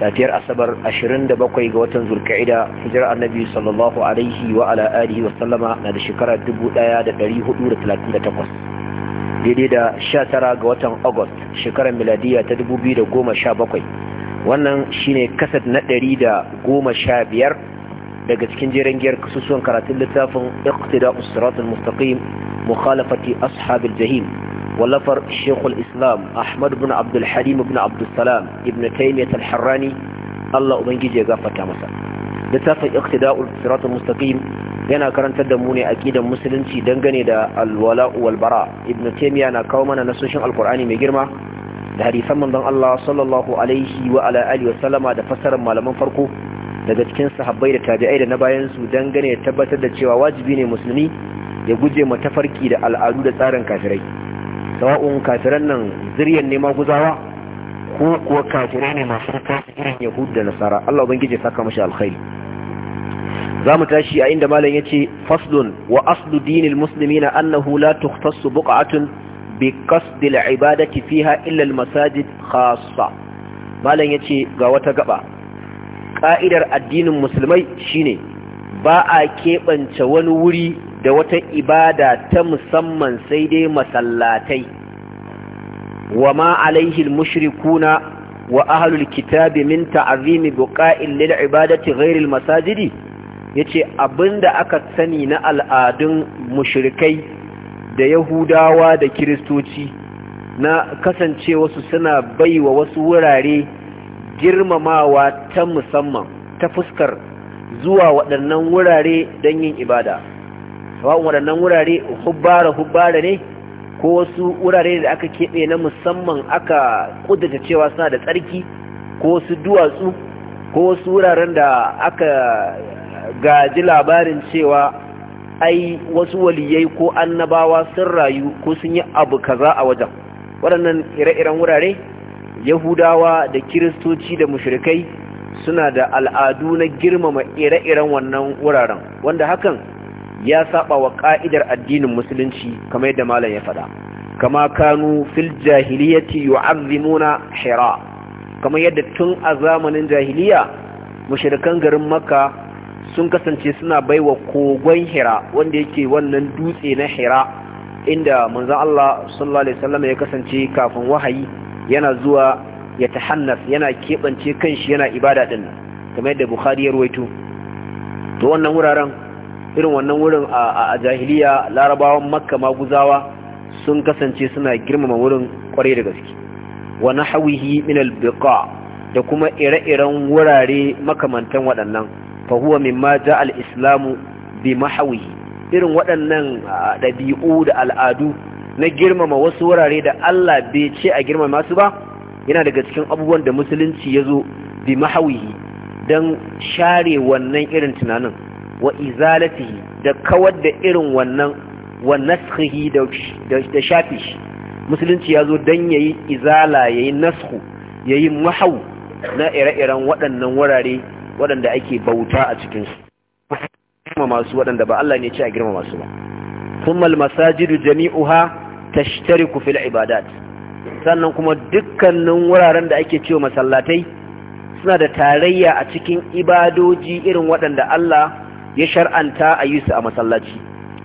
safiyar asabar 27 ga watan zulka'ida hijirar annabi sallallahu alaihi wa ala alihi wa sallama na da shekara 1438 daidai da 19 ga watan august shekarar miladiya ta 2017 wannan shine kasad na 115 daga cikin jerin giyar kasusuwan karatun littafin iqtida usratul mustaqim mukhalafati ashabil jahim ولفر الشيخ الإسلام أحمد بن عبد الحليم بن عبد السلام ابن تيمية الحراني الله أبنجي غفر كامسا لتافة اقتداء الصراط المستقيم yana karantar da mu ne aqidan musulunci dangane da alwala walbara ibn taymiya na kawo mana nasoshin alqur'ani mai girma da hadisan manzon Allah sallallahu alaihi wa ala alihi wa sallama da fassarar malaman farko daga cikin sahabbai da tabi'ai da na bayan su dangane da tabbatar da cewa wajibi ne musulmi ya guje ma tafarki da al'adu da tsarin kafirai sawa'un kafiran nan zuriyar ne maguzawa ko kuwa kafirai ne masu kasu irin yahud da nasara Allah ubangiji ya saka mashi alkhairi za mu tashi a inda malam ya ce faslun wa aslu dinil musulmi na annahu la tukhtassu buƙatun bi kasdil ibadati fiha illa masajid khassa malam ya ce ga wata gaba ƙa'idar addinin musulmai shine ba a keɓance wani wuri da wata ibada ta musamman sai dai masallatai wa ma alaihi mushrikuna wa ahlul kitabi min ta'zimi buqa'il lil ibadati ghairil masajidi yace abinda aka sani na al'adun mushrikai da yahudawa da kiristoci na kasance wasu suna baiwa wasu wurare girmamawa ta musamman ta fuskar zuwa waɗannan wurare don yin ibada sawa'un waɗannan wurare hubbara hubbara ne ko wasu wurare da aka keɓe na musamman aka ƙudurta cewa suna da tsarki ko wasu duwatsu ko wasu wuraren da aka gaji labarin cewa ai wasu waliyai ko annabawa sun rayu ko sun yi abu kaza a wajen waɗannan ire-iren wurare yahudawa da kiristoci da mushrikai suna da al'adu na girmama ire-iren wannan wuraren wanda hakan ya saba wa ka'idar addinin musulunci kamar yadda malam ya faɗa kama kanu fil jahiliyati yu'azzimuna hira kamar yadda tun a zamanin jahiliya mushrikan garin makka sun kasance suna baiwa kogon hira wanda yake wannan dutse na hira inda manzon Allah sallallahu alaihi wasallam ya kasance kafin wahayi yana zuwa ya tahannas yana keɓance kanshi yana ibada ɗin kamar yadda Bukhari ya ruwaito to wannan wuraren irin wannan wurin a jahiliya larabawan makka maguzawa sun kasance suna girmama wurin kwarai da gaske wa hawihi min albiqa da kuma ire-iren wurare makamantan waɗannan fahuwa mimma ja al-islamu bi mahwihi irin waɗannan ɗabi'u da al'adu na girmama wasu wurare da Allah bai ce a girmama su ba yana daga cikin abubuwan da musulunci ya zo bi mahawihi don share wannan irin tunanin wa izalatihi da kawar da irin wannan wa naskhihi da shafi shi musulunci ya zo don ya yi izala ya yi nasku ya yi mahau na ire-iren waɗannan wurare waɗanda ake bauta a cikinsu masu waɗanda ba Allah ne ce a girma masu ba kuma masajidu jami'uha tashtariku fil ibadat sannan kuma dukkanin wuraren da ake cewa masallatai suna da tarayya a cikin ibadoji irin waɗanda Allah ya shar'anta a yi su a masallaci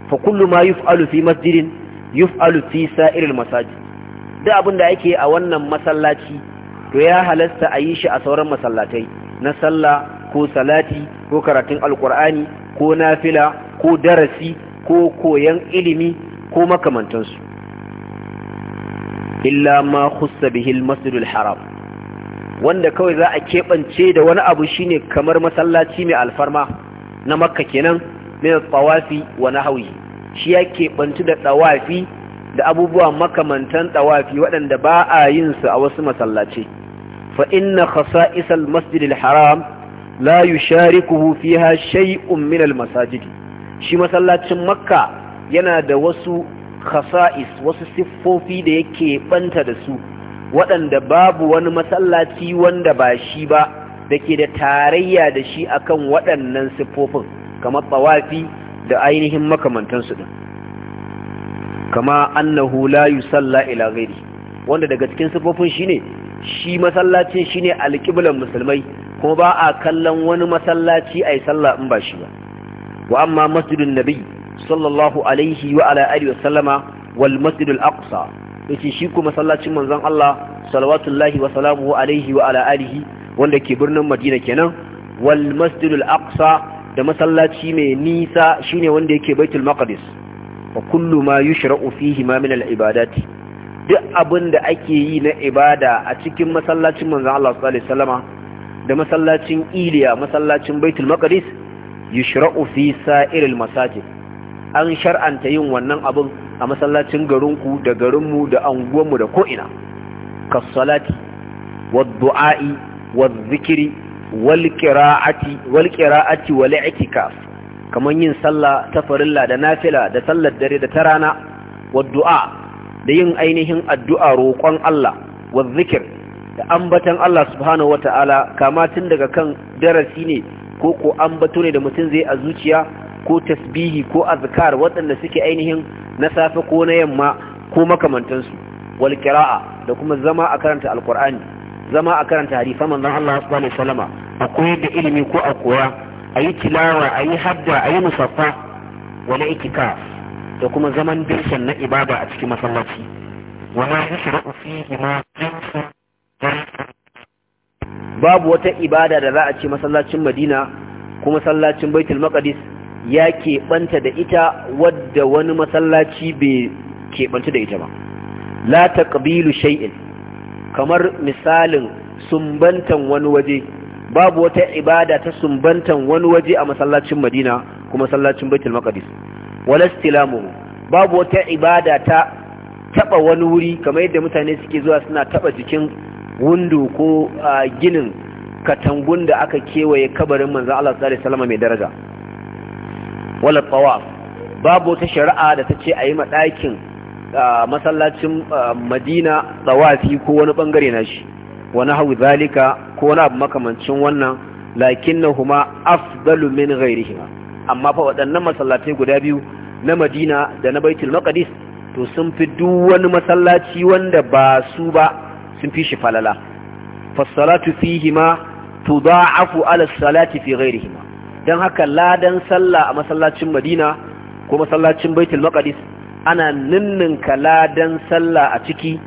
fa kullu ma yuf'alu fi masjidin yuf'alu fi sa'iril masajid duk abin da yake a wannan masallaci to ya halasta a yi shi a sauran masallatai na sallah ko salati ko karatun alkur'ani ko nafila ko darasi ko koyan ilimi ko makamantansu illa ma khussa bihi al haram wanda kawai za a keɓance da wani abu shine kamar masallaci mai alfarma na makka kenan min tawafi wa nahwi shi ya keɓantu da tawafi da abubuwa makamantan tawafi waɗanda ba a yin su a wasu masallace fa inna khasa'isal masjidil haram la yusharikuhu fiha shay'un min al masajid shi masallacin makka yana da wasu khasa'is wasu siffofi da yake banta da su waɗanda babu wani masallaci wanda ba shi ba da ke da tarayya da shi akan waɗannan siffofin kamar tsawafi da ainihin makamantansu ɗin kama annahu la yusalla ila ghairi wanda daga cikin siffofin shine shi masallacin shine alƙiblan musulmai kuma ba a kallon wani masallaci ai sallah in ba shi ba wa amma masjidun nabi sallallahu alaihi wa ala alihi wa sallama wal masjidul aqsa yace shi kuma masallacin manzon Allah salawatullahi wa salamuhu alaihi wa ala alihi wanda ke birnin madina kenan wal masjidul aqsa da masallaci mai nisa shine wanda yake baitul maqdis wa kullu ma yushra'u fihi ma min al ibadati duk abin da ake yi na ibada a cikin masallacin manzon Allah sallallahu alaihi wasallama da masallacin Iliya masallacin baitul maqdis yushra'u fi sa'iril masajid an shar'anta yin wannan abin a masallacin garinku da garinmu da anguwanmu da ko'ina kasalati wa du'a'i wa zikiri wal qira'ati wal qira'ati wal kaman yin sallah ta farilla da nafila da sallar dare da ta rana wa du'a da yin ainihin addu'a roƙon Allah wa zikir da ambatan Allah subhanahu wata'ala kama tun daga kan darasi ne ko ko ambato ne da mutum zai a zuciya ko tasbihi ko azkar waɗanda suke ainihin na safe ko na yamma ko makamantansu Walƙira'a da kuma zama a karanta Alƙur'ani. zama a karanta hadisan manzon Allah sallallahu alaihi wasallama a koyar da ilimi ko a koya a yi tilawa a yi hadda a yi musaffa wala itikaf da kuma zaman dirshan na ibada a cikin masallaci wala yushra'u fihi ma jinsu babu wata ibada da za a ce masallacin Madina kuma masallacin Baitul Maqdis ya keɓanta da ita wadda wani masallaci bai keɓanta da ita ba la taqbilu shay'in kamar misalin sumbantan wani waje babu wata ibada ta sumbantan wani waje a masallacin madina ko masallacin baitul maqdis wala istilamu babu wata ibada ta taba wani wuri kamar yadda mutane suke zuwa suna taba jikin wundu ko ginin katangun da aka kewaye kabarin manzo Allah sallallahu alaihi wasallam mai daraja wala tawaf babu wata shari'a da ta ce a yi ma ɗakin masallacin madina tsawafi ko wani bangare na shi wani hau zalika ko wani abu makamancin wannan lakin na huma afdalu min ghairihima amma fa waɗannan masallatai guda biyu na madina da na baitul maqdis to sun fi duk wani masallaci wanda ba su ba sun fi shi falala fassalatu fihima tudha'afu ala salati fi ghairihima dan haka ladan sallah a masallacin madina ko masallacin baitul maqdis ana ninninka ladan sallah a ciki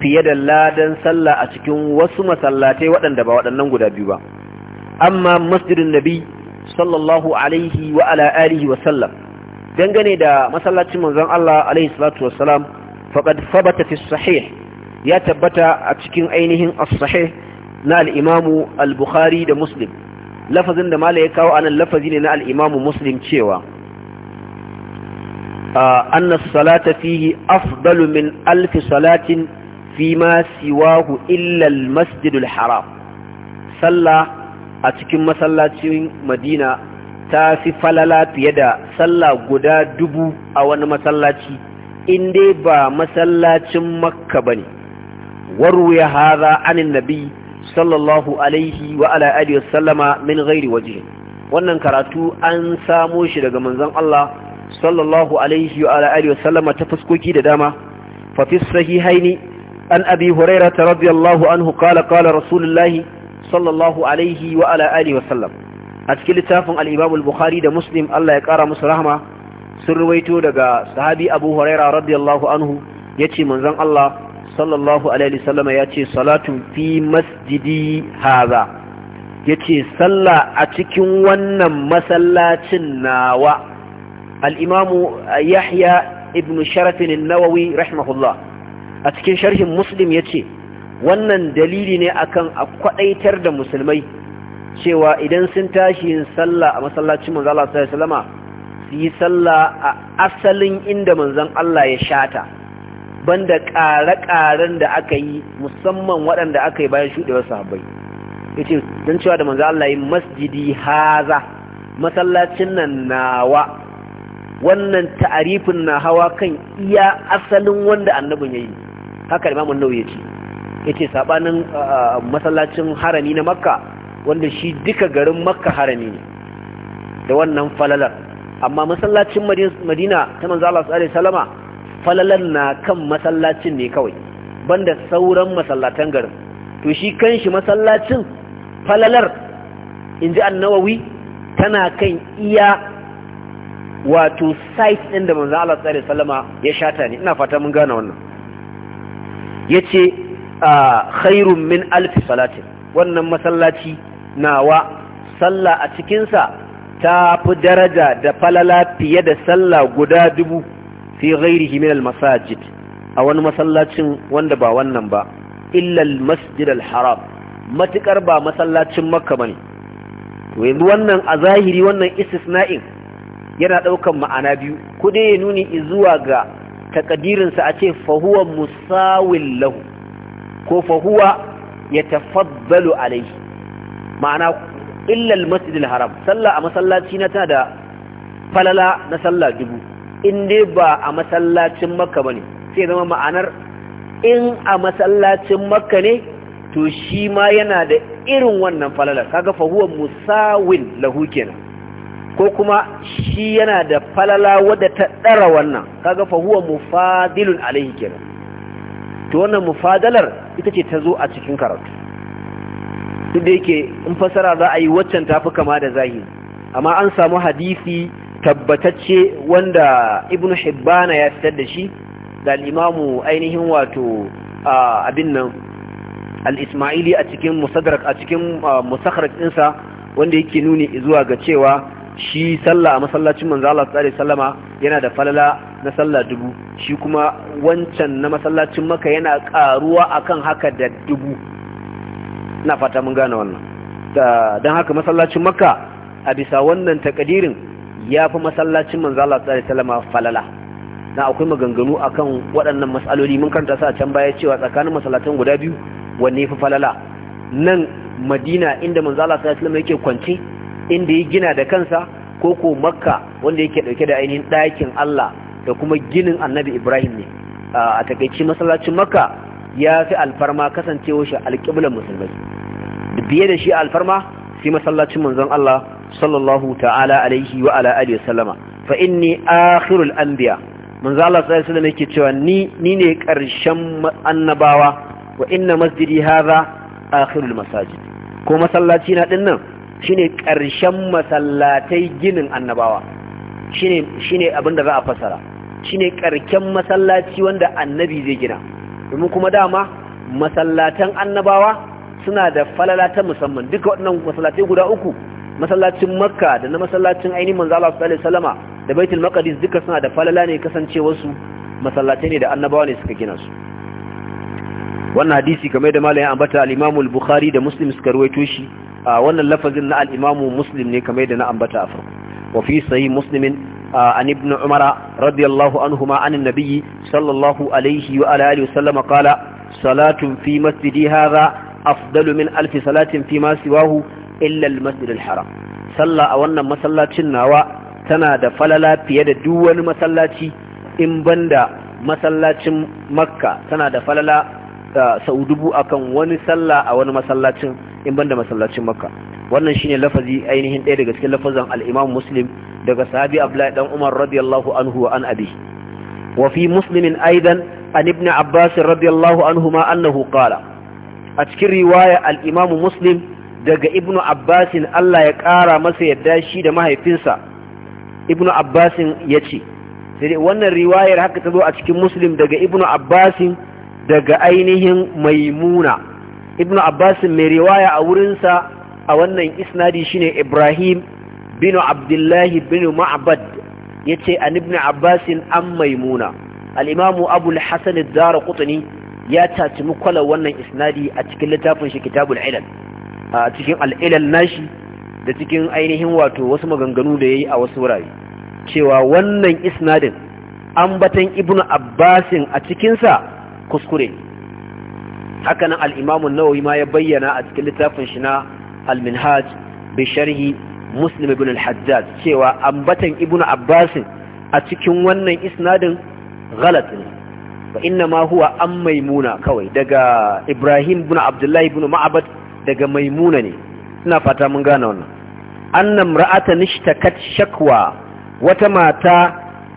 fiye da ladan sallah a cikin wasu masallatai waɗanda ba waɗannan guda biyu ba amma masjidin nabi sallallahu alaihi wa ala alihi wa sallam dangane da masallacin manzon Allah alaihi salatu wassalam faqad fi sahih ya tabbata a cikin ainihin as-sahih na al-imam al-bukhari da muslim lafazin da mala ya kawo anan lafazi ne na al-imam muslim cewa anna salata fihi afdalu min alf salatin fima siwahu illa almasjidul haram sallah a cikin masallacin madina ta fi falala fiye da sallah guda dubu a wani masallaci in dai ba masallacin makka bane warwaya hadha anin nabi sallallahu alaihi wa ala alihi wasallama min rairi wajhi wannan karatu an samo shi daga manzon Allah sallallahu alaihi wa alihi wasallama ta fuskoki da dama fa fi sahihaini an abi hurairah radiyallahu anhu qala qala rasulullahi sallallahu alaihi wa ala alihi wasallam a cikin littafin al-imam al-bukhari da muslim Allah ya kara musu rahma sun ruwaito daga sahabi abu hurairah radiyallahu anhu yace manzon Allah sallallahu alaihi wa wasallam yace salatu fi masjidi hadha yace sallah a cikin wannan masallacin nawa الإمام يحيى ابن شرف النووي رحمه الله أتكين شرح مسلم يتي wannan dalili ne akan a kwadaitar da musulmai cewa idan sun tashi yin sallah a masallacin manzo Allah sallallahu alaihi wasallama su yi sallah a asalin inda manzan Allah ya shata banda ƙare-ƙaren da aka yi musamman waɗanda aka yi bayan shuɗewar sahabbai yace don cewa da manzo Allah yi masjidi haza masallacin nan nawa wannan ta'arifin na hawa kan iya asalin wanda annabin yi. haka nau'i ya ce yace ce sabanin masallacin harami na Makka wanda shi duka garin Makka harami ne da wannan falalar amma masallacin Madina ta manzo Allah sallallahu alaihi falalar na kan masallacin ne kawai banda sauran masallatan garin to shi kanshi masallacin falalar in ji annawawi tana kan iya wato site ɗin da manzan Allah sallallahu salama ya shata ne ina fata mun gane wannan Ya ce a ah, khairun min alfi salatin wannan masallaci nawa sallah a cikinsa ta fi daraja da falala fiye da sallah guda dubu fi ghairi min almasajid masajid a wani masallacin wanda ba wannan ba illa masjid haram matukar ba masallacin makka bane to yanzu wannan a zahiri wannan istisna'in yana ɗaukar ma'ana biyu ku dai ya nuni zuwa ga takadirinsa a ce fahuwa musawin lahu ko fahuwa ya tafabbalu alaihi ma'ana illal masjidil haram sallah a masallaci na tana da falala na sallah dubu in dai ba a masallacin makka bane sai zama ma'anar in a masallacin makka ne to shi ma yana da irin wannan falala kaga fahuwa musawin lahu kenan ko kuma shi yana da falala wadda ta ɗara wannan kaga fahuwa mufadilun alaihi kenan to wannan mufadalar ita ce ta zo a cikin karatu duk da yake in fasara za a yi waccan tafi kama da zahiri amma an samu hadisi tabbatacce wanda ibnu hibbana ya fitar da shi da Limamu ainihin wato abin nan al'ismaili a cikin musadarak a cikin ɗinsa wanda yake nuni zuwa ga cewa shi sallah a masallacin manzo Allah sallallahu sallama yana da falala na sallah dubu shi kuma wancan na masallacin maka yana karuwa akan haka da dubu na fata mun gane wannan don haka masallacin maka a bisa wannan takadirin ya fi masallacin manzo Allah sallallahu sallama falala na akwai maganganu akan waɗannan matsaloli mun karanta sa can baya cewa tsakanin masallatan guda biyu wanne fi falala nan madina inda manzo Allah sallallahu alaihi yake kwance inda ya gina da kansa ko ko makka wanda yake dauke da ainihin ɗakin Allah da kuma ginin annabi Ibrahim ne a takaici masallacin makka ya fi alfarma kasancewa shi alƙiblar musulmai biye da shi alfarma sai masallacin manzon Allah sallallahu ta'ala alaihi wa ala alihi sallama fa inni akhirul anbiya manzon Allah sallallahu alaihi yake cewa ni ni ne karshen annabawa wa inna masjidi hadha akhirul masajid ko masallaci na dinnan shine ƙarshen masallatai ginin annabawa shine shine abin da za a fasara shine ƙarken masallaci wanda annabi zai gina domin kuma dama masallatan annabawa suna da falala ta musamman duka waɗannan masallatai guda uku masallacin makka da na masallacin ainihin manzo Allah sallallahu alaihi wasallama da baitul maqdis duka suna da falala ne kasancewar su masallatai ne da annabawa ne suka gina su wannan hadisi kamar da malamin ambata al-Imam al-Bukhari da Muslim suka ruwaito shi wannan lafazin na al-imamu muslim ne kamar da na ambata a farko wa fi muslimin an ibn umara radiyallahu anhuma an annabi sallallahu alaihi wa alihi wasallam qala salatun fi masjidi hadha afdalu min alf salatin fi ma siwahu illa masjid al-haram a wannan masallacin nawa tana da falala fiye da duk wani masallaci in banda masallacin makka tana da falala sau dubu akan wani sallah a wani masallacin in banda masallacin makka wannan shine lafazi ainihin ɗaya daga cikin lafazan al'imam muslim daga sahabi abdullahi dan umar radiyallahu anhu wa an abi wa fi muslimin aidan an ibn abbas radiyallahu anhu ma annahu qala a cikin riwaya al'imam muslim daga ibn abbas Allah ya ƙara masa yadda shi da mahaifinsa ibn abbas yace sai wannan riwayar haka ta zo a cikin muslim daga ibn abbas daga ainihin maimuna ibn abbas mai riwaya a wurinsa a wannan isnadi shine ibrahim bin abdullahi bin ma'bad yace an ibn abbas an maimuna al-imam al hasan ad-darqutni ya tatimi kwalar wannan isnadi a cikin littafin shi kitabul ilal a cikin al-ilal nashi da cikin ainihin wato wasu maganganu da yayi a wasu wurare cewa wannan isnadin batan ibnu abbasin a cikinsa kuskure hakanan al-Imam an-Nawawi ma ya bayyana a cikin littafin shi na al-Minhaj bi sharhi Muslim ibn al-Hajjaj cewa ambatan Ibn Abbas a cikin wannan isnadin galat ne wa inna ma huwa an maimuna kawai daga Ibrahim ibn Abdullah ibn Ma'bad daga maimuna ne ina fata mun gane wannan anna ra'ata nishtakat shakwa wata mata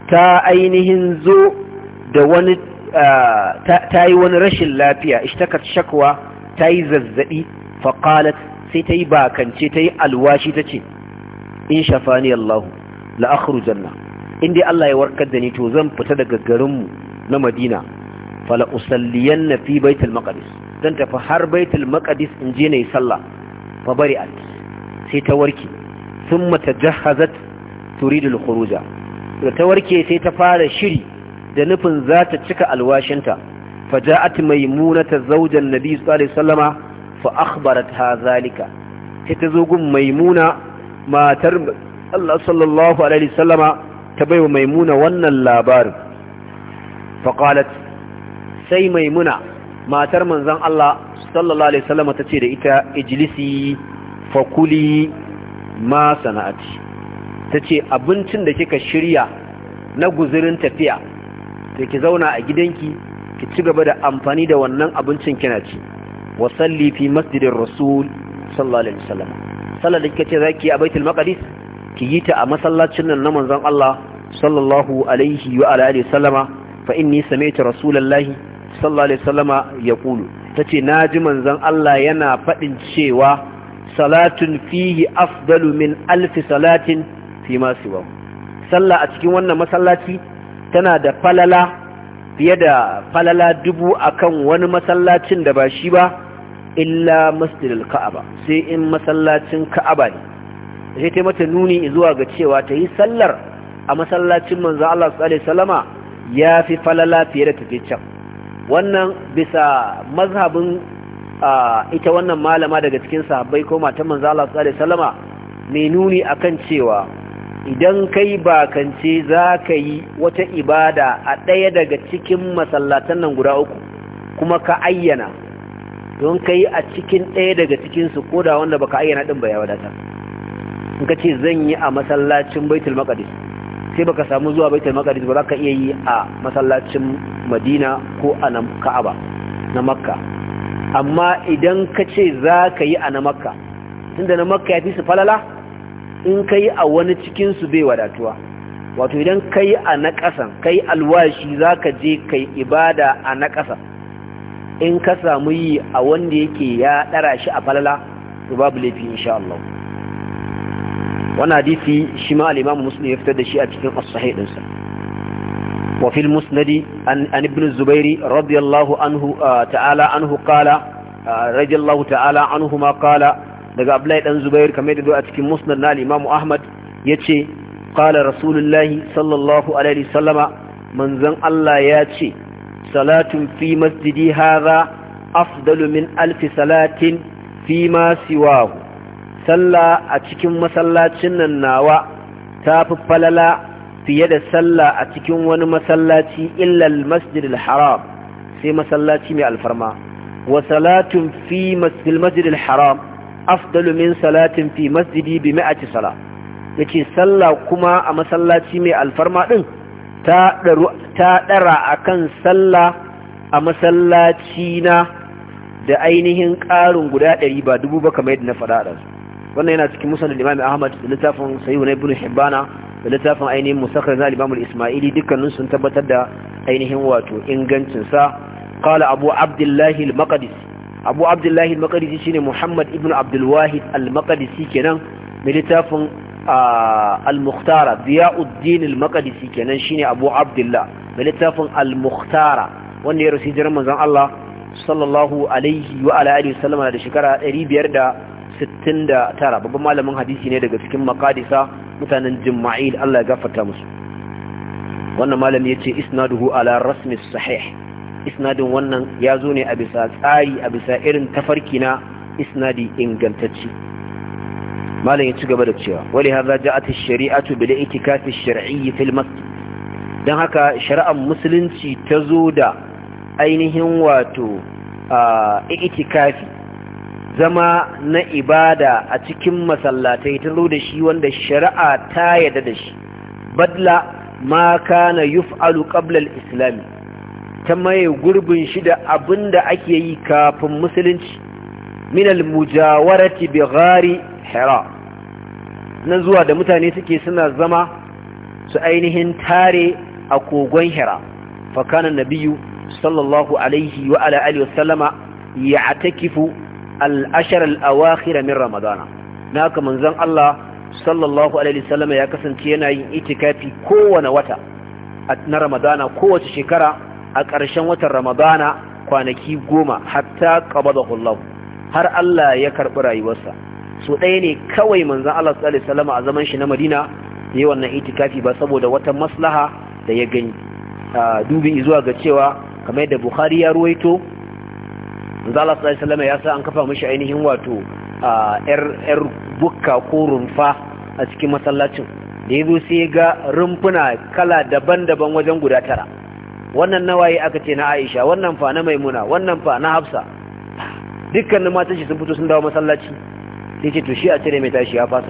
ta ainihin zo da wani ta yi wani rashin lafiya ishtakat shakwa ta yi zazzaɓi faƙalat sai ta yi bakance ta yi alwashi ta ce in shafa ni Allah la'akhru janna in dai Allah ya warkar da ni to zan fita daga garinmu na Madina fala na fi baitul maqdis dan tafi har baitul maqdis in je nayi sallah fa bari'at sai ta warke thumma tajahhazat turidu al-khuruja ta warke sai ta fara shiri da nufin za ta cika alwashinta faja'at maimunata zaujan nabi sallallahu alaihi wasallama fa Akhbarat akhbaratha zalika sai ta zo gun maimuna matar Allah sallallahu alaihi wasallama ta baiwa maimuna wannan labarin fa qalat sai maimuna matar manzon Allah sallallahu alaihi wasallama ta ce da ita ijlisi fa kuli ma sana'ati tace abincin da kika shirya na guzurin tafiya Sai ki zauna a gidanki ki ci gaba da amfani da wannan abincin kina ci wa salli fi masjidin rasul sallallahu alaihi wasallam sallar da kike ce zaki a baitul maqdis ki yi ta a masallacin nan na manzon Allah sallallahu alaihi wa alihi wasallama fa inni sami'tu rasulullahi sallallahu alaihi wasallama yaqulu tace naji manzon Allah yana fadin cewa salatun fihi afdalu min alf salatin fi ma siwa sallah a cikin wannan masallaci tana da falala fiye da falala dubu akan wani masallacin da ba shi ba illa masjidil ka'aba sai in masallacin ka'aba ne sai ta mata nuni zuwa ga cewa ta yi sallar a masallacin manzo Allah sallallahu alaihi wasallama ya fi falala fiye da tafi can wannan bisa mazhabin ita wannan malama daga cikin sahabbai ko matan manzo Allah sallallahu alaihi wasallama mai nuni akan cewa idan kai bakance za ka yi wata ibada a ɗaya daga cikin masallatan nan guda uku kuma ka ayyana don ka yi a cikin ɗaya daga cikinsu ko da wanda baka ayyana ɗin ba ya wadata in ka ce zan yi a masallacin baitul maqdis sai baka samu zuwa baitul maqdis ba za ka iya yi a masallacin madina ko a nan ka'aba na makka amma idan ka ce za ka yi a na makka tunda na makka ya fi su falala in kai a wani cikin su bai wadatuwa wato idan kai a na ƙasan kai alwashi zaka je kai ibada a na ƙasa in ka samu yi a wanda yake ya ɗara shi a falala to babu laifi insha Allah hadisi shi ma al-Imam Muslim ya fitar da shi a cikin as-sahih dinsa wa fil musnad an ibn Zubairi radiyallahu anhu ta'ala anhu qala radiyallahu ta'ala anhu ma qala daga Abdullahi dan Zubair kamar da a cikin Musnad na Imam Ahmad yace kala Rasulullahi sallallahu alaihi wasallama manzon Allah ya ce salatun fi masjidi hadha afdalu min alfi salatin fi ma siwahu salla a cikin masallacin nan nawa tafi falala fiye da sallah a cikin wani masallaci illal masjidil haram sai masallaci mai alfarma wa salatun fi masjidil haram afdalu min salatin fi masjidi bi mi'ati sala yace sallah kuma a masallaci mai alfarma din ta daru ta dara akan sallah a masallaci na da ainihin ƙarin guda 100 ba dubu ba kamar yadda na faɗa da su wannan yana cikin musnad Imam Ahmad da littafin Sahih Ibn Hibbana da littafin ainihin Musakhar na Imam Isma'ili dukkanin sun tabbatar da ainihin wato ingancin sa qala Abu Abdullah al abu abdullahi al-maqdisi shine muhammad ibn abdul wahid al-maqdisi kenan mai littafin al-mukhtara diyauddin al-maqdisi kenan shine abu abdullah mai littafin al-mukhtara wanda ya rusi jiran manzon Allah sallallahu alaihi wa ala alihi wasallam da shekara 569 babban malamin hadisi ne daga cikin maqadisa mutanen Jumma'il Allah ya gafarta musu wannan malami yace isnaduhu ala rasmi sahih isnadin wannan ya zo ne a bisa tsari a bisa irin tafarki na isnadi ingantacci malam ya ci gaba da cewa wali hadha ja'at ash-shari'atu bil i'tikaf ash-shar'i fil masjid dan haka shari'ar musulunci ta zo da ainihin wato i'tikafi zama na ibada a cikin masallatai ta zo da shi wanda shari'a ta yarda da shi badla ma kana yuf'alu qabla al-islam ta maye gurbin shi da abin da ake yi kafin musulunci minal mujawarati bi ghari hira nan zuwa da mutane suke suna zama su ainihin tare a kogon hira fakana nabiyu sallallahu alaihi wa ala alihi wa sallama ya'takifu al-ashr al-awakhir min ramadana naka manzon Allah sallallahu alaihi wa sallama ya kasance yana yin itikafi kowane wata na ramadana kowace shekara a ƙarshen watan ramadana kwanaki goma hatta ƙabada Allah har Allah ya karɓi rayuwarsa so ɗaya ne kawai manzan Allah su a zaman shi na Madina yi wannan itikafi ba saboda wata maslaha da ya gani dubi zuwa ga cewa kamar yadda Bukhari ya ruwaito manzan Allah su ya sa an kafa mashi ainihin wato yar bukka ko rumfa a cikin masallacin da ya zo sai ga rumfuna kala daban-daban wajen guda tara wannan nawayi aka ce na Aisha wannan fa na Maimuna wannan fa na Hafsa dukkanin matan shi sun fito sun dawo masallaci sai ce to shi a cire mai tashi ya fasa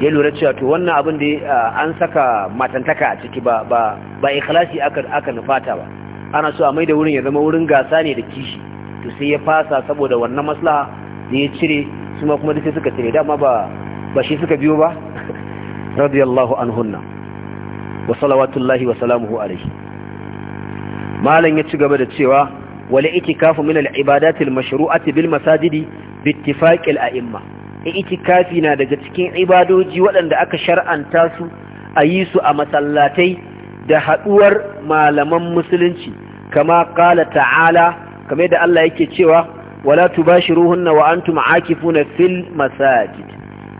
ya lura cewa to wannan abin da an saka matantaka a ciki ba ba ba ikhlasi aka aka nufata ba ana so a maida wurin ya zama wurin gasa ne da kishi to sai ya fasa saboda wannan maslaha da ya cire su ma kuma sai suka cire dama ba ba shi suka biyo ba radiyallahu anhunna wa salawatullahi wa salamuhu alaihi malam ya ci gaba da cewa wal itikafu min al ibadati al mashru'ati bil masajidi bi a al a'imma itikafi na daga cikin ibadoji waɗanda aka shar'anta su a yi su a masallatai da haɗuwar malaman musulunci kama ƙala ta'ala kame da Allah yake cewa wala tubashiruhunna wa antum aakifuna fil masajid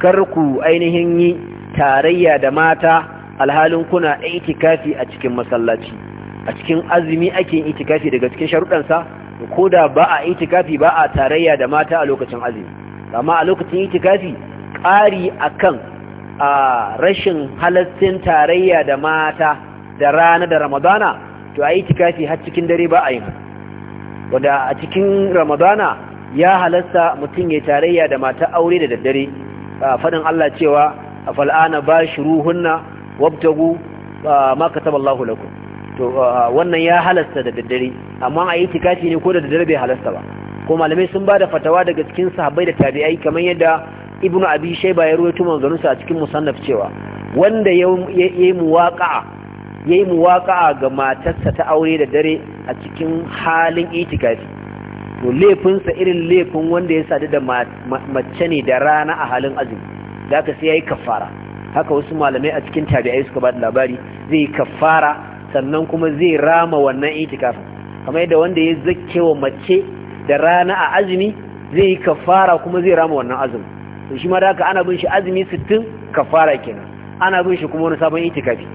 kar ku ainihin yi tarayya da mata alhalin kuna itikafi a cikin masallaci a cikin azumi ake itikafi daga cikin sharuɗansa ko da ba a itikafi ba a tarayya da mata a lokacin azumi amma a lokacin itikafi ƙari kan a rashin halastin tarayya da mata da rana da ramadana to a itikafi har cikin dare ba a yi wanda a cikin ramadana ya halasta mutum ya tarayya da mata aure da daddare faɗin Allah cewa a fal'ana ba shi ruhunna wabtagu ma ka Allah hulakun Uh, wannan ya halasta da daddare amma a yi tikafi ne ko da daddare bai halasta ba ko malamai sun ba da fatawa daga cikin sahabbai da tabi'ai kamar yadda ibnu abi shayba ya rawaito maganganun sa a cikin musannaf cewa wanda yayi muwaqa'a yayi muwaqa'a ga matarsa ta aure da dare a cikin halin itikafi to laifinsa irin laifin wanda ya sadu da mace ne da rana a halin azumi zaka sai yayi kafara haka wasu malamai a cikin tabi'ai suka ba da labari zai kafara sannan kuma zai rama wannan itikafin kamar yadda wanda ya zake wa mace da rana a azumi zai yi kafara kuma zai rama wannan azumi to shi ma da haka ana bin shi azumi 60 kafara kenan ana bin shi kuma wani sabon itikafi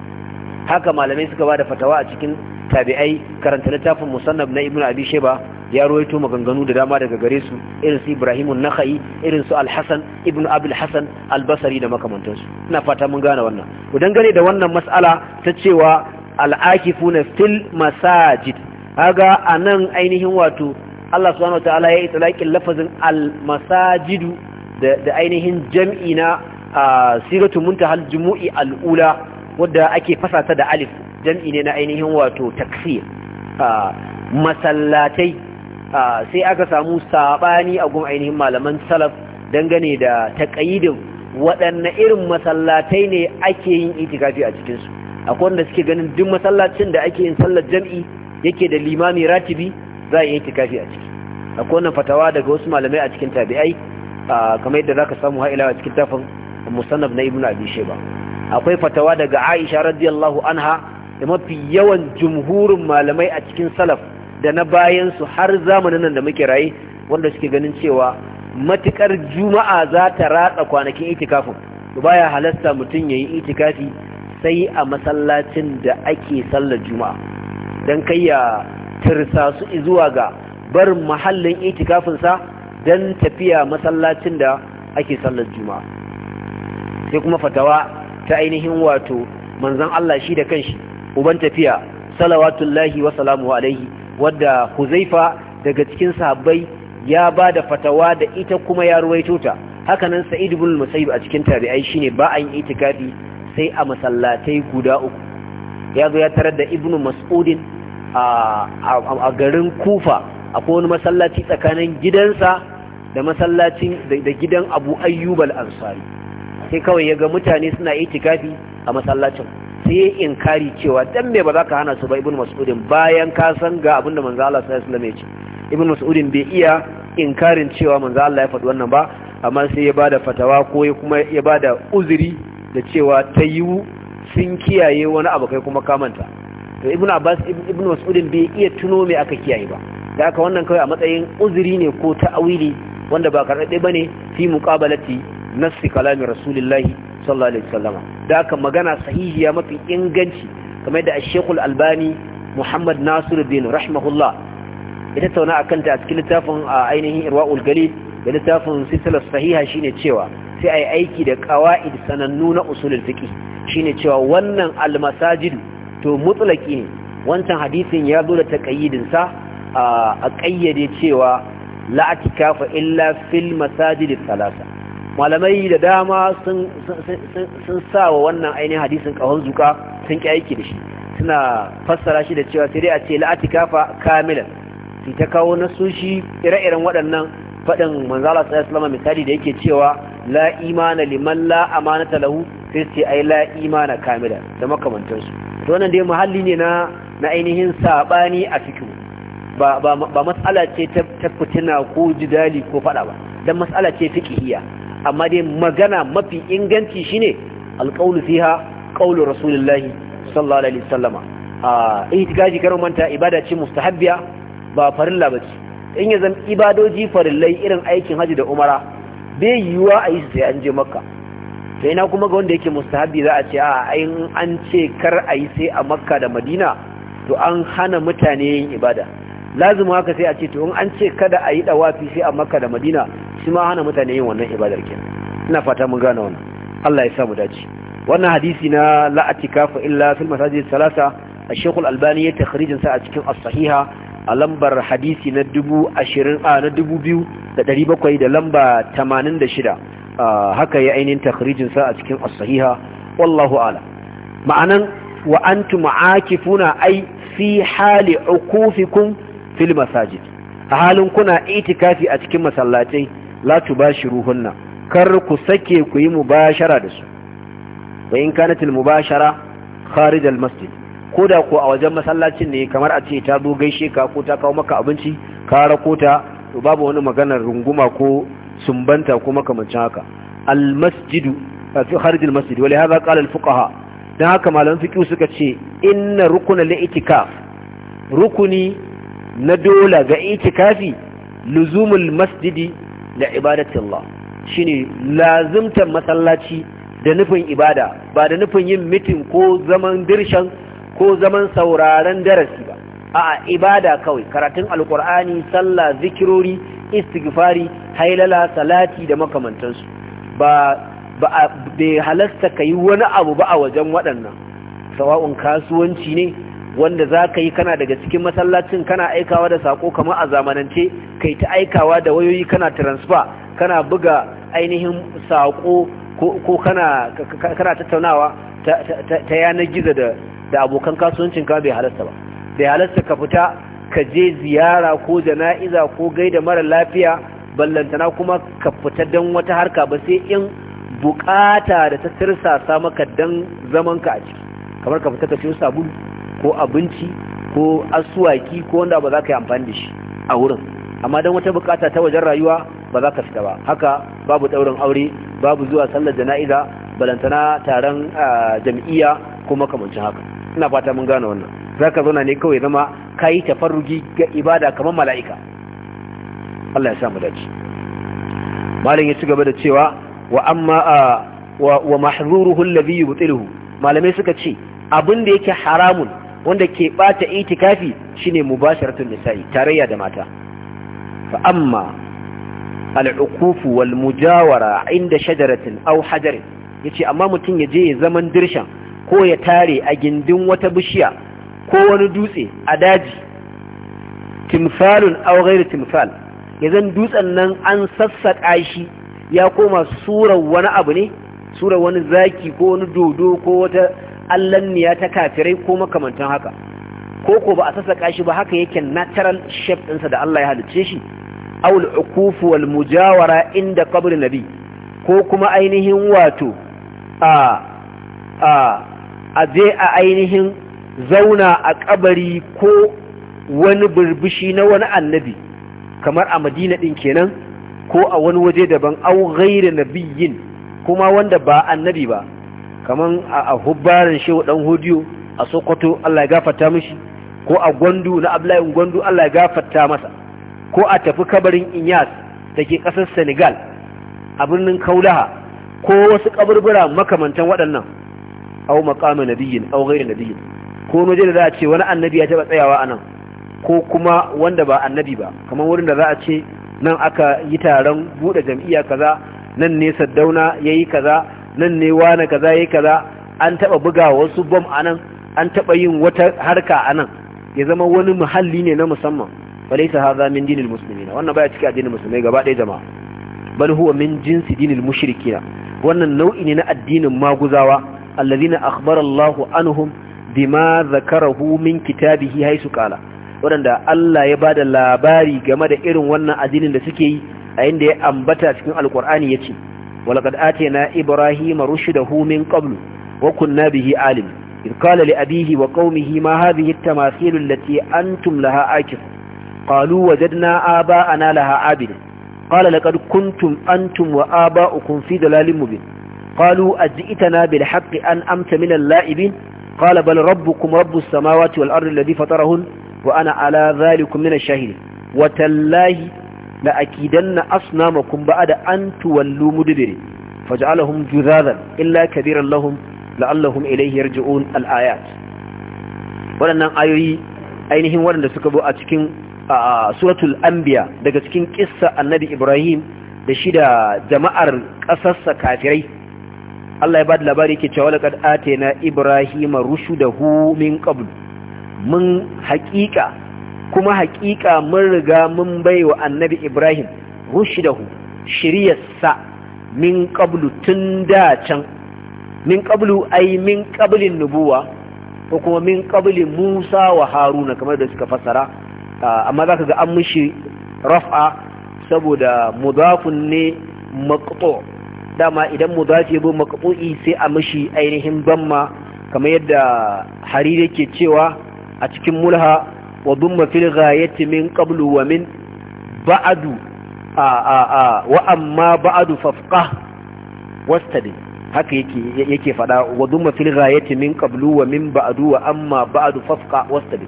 haka malamai suka bada fatawa a cikin tabi'ai karanta littafin musannab na ibnu abi sheba ya ruwaito maganganu da dama daga gare su irin su ibrahimun nakhai irin su alhasan ibnu abul hasan albasari da makamantansu ina fata mun gane wannan ku dangane da wannan mas'ala ta cewa al'akifuna fil masajid a nan ainihin wato Allah subhanahu wataala ya yi talakin lafazin al-masajidu da ainihin jam'i na siratu muntahal jumu'i al'ula wadda ake fasata da alif jam'i ne na ainihin wato taksir masallatai sai aka samu sabani a gun ainihin malaman salaf dangane da taƙayidin waɗanne irin masallatai ne ake yin itikafi a cikinsu akwai wanda suke ganin duk masallacin da ake yin sallar jam'i yake da limami ratibi za a yi itikafi a ciki akwai wannan fatawa daga wasu malamai a cikin tabi'ai kamar yadda zaka samu ha'ila a cikin tafin musannaf na ibnu abi shayba akwai fatawa daga aisha radiyallahu anha da mafi yawan jumhurin malamai a cikin salaf da na bayan su har zamanin nan da muke raye wanda suke ganin cewa matukar juma'a za ta ratsa kwanakin itikafin baya halasta mutum ya yayi itikafi sai a masallacin da ake sallar juma'a don kai ya tirsa su zuwa ga barin mahallin itikafinsa don tafiya masallacin da ake sallar juma'a sai kuma fatawa ta ainihin wato manzon Allah shi da kanshi uban tafiya salawatullahi wa salamu alaihi wadda huzaifa daga cikin sahabbai ya ba da fatawa da ita kuma ya ruwaito ta hakanan sa'id ibn musayyib a cikin tabi'ai shine ba an itikafi sai a masallatai guda uku ya zo ya tarar da ibnu mas'udin a garin kufa akwai wani masallaci tsakanin gidansa da masallacin da gidan abu Ayyubal al-ansari sai kawai ya ga mutane suna yi tikafi a masallacin sai ya inkari cewa dan me ba za ka hana su ba ibnu mas'udin bayan ka san ga abin da manzo Allah sallallahu alaihi wasallam ya ce ibnu mas'udin bai iya inkarin cewa manzo Allah ya faɗi wannan ba amma sai ya bada fatawa ko ya kuma ya bada uzuri da cewa ta yiwu sun kiyaye wani abu kai kuma kamanta to ibn abbas ibn mas'udin bai iya tuno mai aka kiyaye ba da haka wannan kawai a matsayin uzuri ne ko ta'awili wanda ba karɓe ba ne fi muqabalati nassi kalamin rasulillahi sallallahu alaihi wasallama da haka magana sahihiya mafi inganci kamar da ash-shaykhul albani muhammad nasiruddin rahimahullah ita tauna akan ta a cikin littafin ainihin irwaul galil da littafin silsilar sahiha shine cewa sai a yi aiki da ƙawa'id sanannu na usulul fiqi shine cewa wannan almasajidu to mutlaki ne wancan hadisin ya zo da taqayyidin sa a ƙayyade cewa la atikafa illa fil masajidi salasa malamai da dama sun sa wa wannan ainihin hadisin ƙahon zuka sun ki aiki da shi suna fassara shi da cewa sai dai a ce la atikafa kamilan sai ta kawo nasoshi ire-iren waɗannan faɗin manzala sallallahu alaihi wasallam misali da yake cewa la imana liman la amanata lahu sai ce ai la imana kamila da makamantansu to wannan dai muhalli ne na na ainihin sabani a cikin ba ba ba mas'ala ce ta fitina ko jidali ko fada ba dan mas'ala ce fiqhiya amma dai magana mafi inganci shine alqawlu fiha qawlu rasulillahi sallallahu alaihi wasallama a itikaji karo manta ibada ce mustahabbiya ba farilla bace in ya zama ibadoji farillai irin aikin haji da umara bai yiwuwa a yi shi sai an je makka to ina kuma ga wanda yake mustahabi za a ce a ayin an ce kar a yi sai a makka da madina to an hana mutane yin ibada Lazuma haka sai a ce to in an ce kada a yi dawafi sai a makka da madina shi ma hana mutane yin wannan ibadar ke ina fata mun gane wannan Allah ya sa mu dace wannan hadisi na la atikafa illa fil masajid salasa takhrijin sa a cikin cikin sahiha a lambar hadisi na dubu ashirin a na dubu biyu da ɗari bakwai da lamba tamanin da shida haka ya ainihin takharijinsa a cikin asahiha wallahu ala ma'anan wa antum funa ai fi hali ukufikum fil masajid a halin kuna itikafi a cikin masallatai la tubashiruhunna kar ku sake ku yi mubashara da su wa in kanatil mubashara kharij al masjid ko da ko a wajen masallacin ne kamar a ce ta zo gaishe ka ko ta kawo maka abinci ka rako ta to babu wani magana runguma ko sumbanta ko makamancin haka al almasjidu fi al masjid wa lihadha qala fuqaha dan haka malaman fiqh suka ce inna rukuna itikaf rukuni na dole ga itikafi al masjidi li ibadati Allah shine lazimtan masallaci da nufin ibada ba da nufin yin mitin ko zaman dirshan ko zaman sauraren darasi ba a'a ibada kawai karatun alkur'ani sallah zikirori istighfari hailala salati da makamantansu ba ba bai halasta ka wani abu ba a wajen waɗannan sawa'un kasuwanci ne wanda za ka yi kana daga cikin masallacin kana aikawa da sako kamar a zamanance kai ta aikawa da wayoyi kana transfer kana buga ainihin sako ko kana tattaunawa ta yanar gizo da da abokan kasuwancin ka bai halarta ba bai halarta ka fita ka je ziyara ko jana'iza ko gaida mara lafiya ballantana kuma ka fita don wata harka ba sai in bukata da ta tirsasa maka don zaman ka a ciki kamar ka fita ka siyo sabulu ko abinci ko asuwaki ko wanda ba za ka yi amfani da shi a wurin amma don wata bukata ta wajen rayuwa ba za ka fita ba haka babu daurin aure babu zuwa sallar jana'iza balantana taron ah, jam'iyya ko makamancin haka ina fata mun gane wannan zaka na ne kawai zama kayi tafarrugi ga ibada kamar mala'ika Allah ya sa mu dace malamin ya ci da cewa wa amma wa mahzuruhu alladhi yubtiluhu malamai suka ce abin da yake haramun wanda ke bata itikafi shine mubasharatu nisa'i tarayya da mata fa amma al'ukufu wal mujawara inda shajaratin aw hajarin yace amma mutun yaje ya zaman dirshan ko ya tare a gindin wata bishiya ko wani dutse a daji timfalun aw ghairu timfal yazan dutsen nan an sassaƙa shi ya koma surar wani abu ne surar wani zaki ko wani dodo ko wata allanniya ta kafirai ko makamantan haka ko ko ba a sassaka shi ba haka yake natural shape ɗinsa da Allah ya halicce shi aw al-uquf wal mujawara inda qabr nabi ko kuma ainihin wato a a a je a ainihin zauna a kabari ko wani burbushi na wani annabi kamar a madina din kenan ko a wani waje daban au ghairu nabiyyin kuma wanda ba annabi ba kamar a hubbarin shehu dan hodiyo a sokoto Allah ya gafarta mishi ko a gwandu na ablayin gwandu Allah ya gafarta masa ko a tafi kabarin inyas da ke ƙasar senegal a birnin kaulaha ko wasu kaburbura makamantan waɗannan aw maqama nabiyyin aw ghayri nabiyyin ko waje da za a ce wani annabi ya taba tsayawa anan ko kuma wanda ba annabi ba kamar wurin da za a ce nan aka yi taron buɗe jam'iyya kaza nan ne saddauna yayi kaza nan ne wani kaza yayi kaza an taba buga wasu bom anan an taba yin wata harka a nan, ya zama wani muhalli ne na musamman walaysa hadha min dinil muslimin wannan baya cikin addinin musulmai gaba ɗaya jama'a bal huwa min jinsi dinil mushrikina wannan nau'i ne na addinin maguzawa alladhina akhbara Allahu anhum bima zakarahu min kitabihi haisu qala waɗanda Allah ya bada labari game da irin wannan addinin da suke yi a inda ya ambata cikin alkur'ani yace walaqad atayna ibrahima rushdahu min qablu wa kunna bihi alim إذ قال لأبيه وقومه ما هذه التماثيل التي أنتم لها آكف قالوا وجدنا آباءنا لها عابد قال لقد كنتم أنتم وآباؤكم في دلال مبين قالوا أجئتنا بالحق أن أمت من اللائبين قال بل ربكم رب السماوات والأرض الذي فطرهن وأنا على ذلك من الشاهدين وتالله لأكيدن أصنامكم بعد أن تولوا مدبرين فجعلهم جذاذا إلا كبيرا لهم لعلهم إليه يرجعون الآيات waɗannan ayoyi ainihin waɗanda suka zo a cikin suratul anbiya daga cikin kissa annabi ibrahim da shi da jama'ar ƙasarsa kafirai Allah ya bada labari yake cewa laqad atayna ibrahima rushudahu min qabl mun haƙiƙa kuma haƙiƙa mun riga mun baiwa annabi ibrahim shirya sa min qablu tun da can min qablu ay min qablin nubuwa ko kuma min Musa wa Haruna kamar da suka fassara ah, amma zaka ga an mushi raf'a saboda mudafun ne maqtu' dama idan mudafi bu maqbu'i sai a mishi ainihin bamma, kamar yadda hariri yake cewa a cikin mulha wa dumma fil ghayati min qablu wa min ba'du a a a wa amma ba'du fafqah wastadi haka yake yake fada wa dumma fil ghayati min qablu wa min ba'du wa amma ba'du fafqa wastadi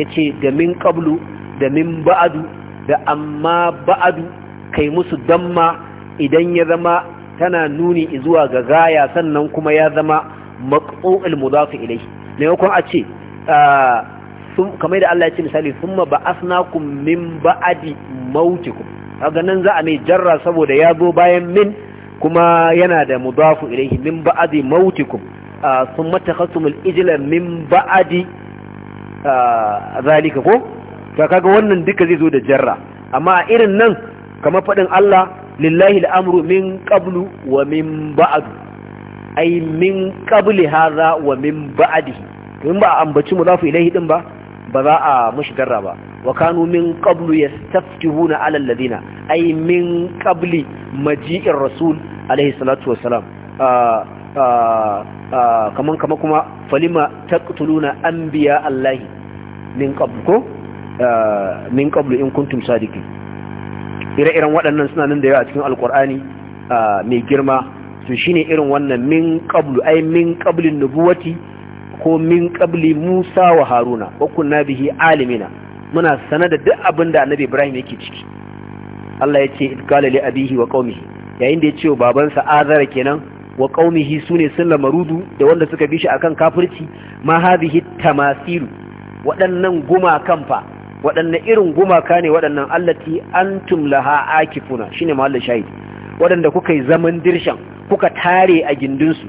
yace da min qablu da min ba'du da amma ba'du kai musu damma idan ya zama tana nuni zuwa ga gaya sannan kuma ya zama maqtu'ul mudaf ilai. ne ko a ce ah, kamar da Allah ya ce misali thumma ba'athnakum min ba'di mautikum kaga nan za a mai jarra saboda ya zo bayan min kuma yana da mudafu ilayhi min ba'di mautikum ah, thumma al ijla min ba'di ah, zalika ko kaga wannan duka zai zo da jarra amma irin nan kamar fadin Allah lillahi al'amru min qablu wa min ba'adu, ai min qabli hadha wa min ba'dihi min ba a ambaci mudafu ilaihi din ba ba za a mushi garra ba wa kanu min qablu yastaftihuna ala alladhina ai min qabli maji'in rasul alaihi salatu wassalam kaman kama kuma falima taqtuluna anbiya allahi min qablu ko min qablu in kuntum sadiki. ire-iren waɗannan suna nan da yawa a cikin alkur'ani mai girma to shine irin wannan min qablu ai min ƙablin nubuwati ko min qabli Musa wa Haruna wa kunna bihi alimina muna sanar da duk abin da Annabi Ibrahim yake ciki Allah ya ce idkala li abihi wa qaumihi yayin da ya ce babansa Azara kenan wa qaumihi sune sun lamarudu da wanda suka bi shi akan kafirci ma hadhihi tamasilu waɗannan gumakan fa waɗanne irin gumaka ne waɗannan allati antum laha akifuna shine mahallin shahid waɗanda kuka yi zaman dirshan kuka tare a gindinsu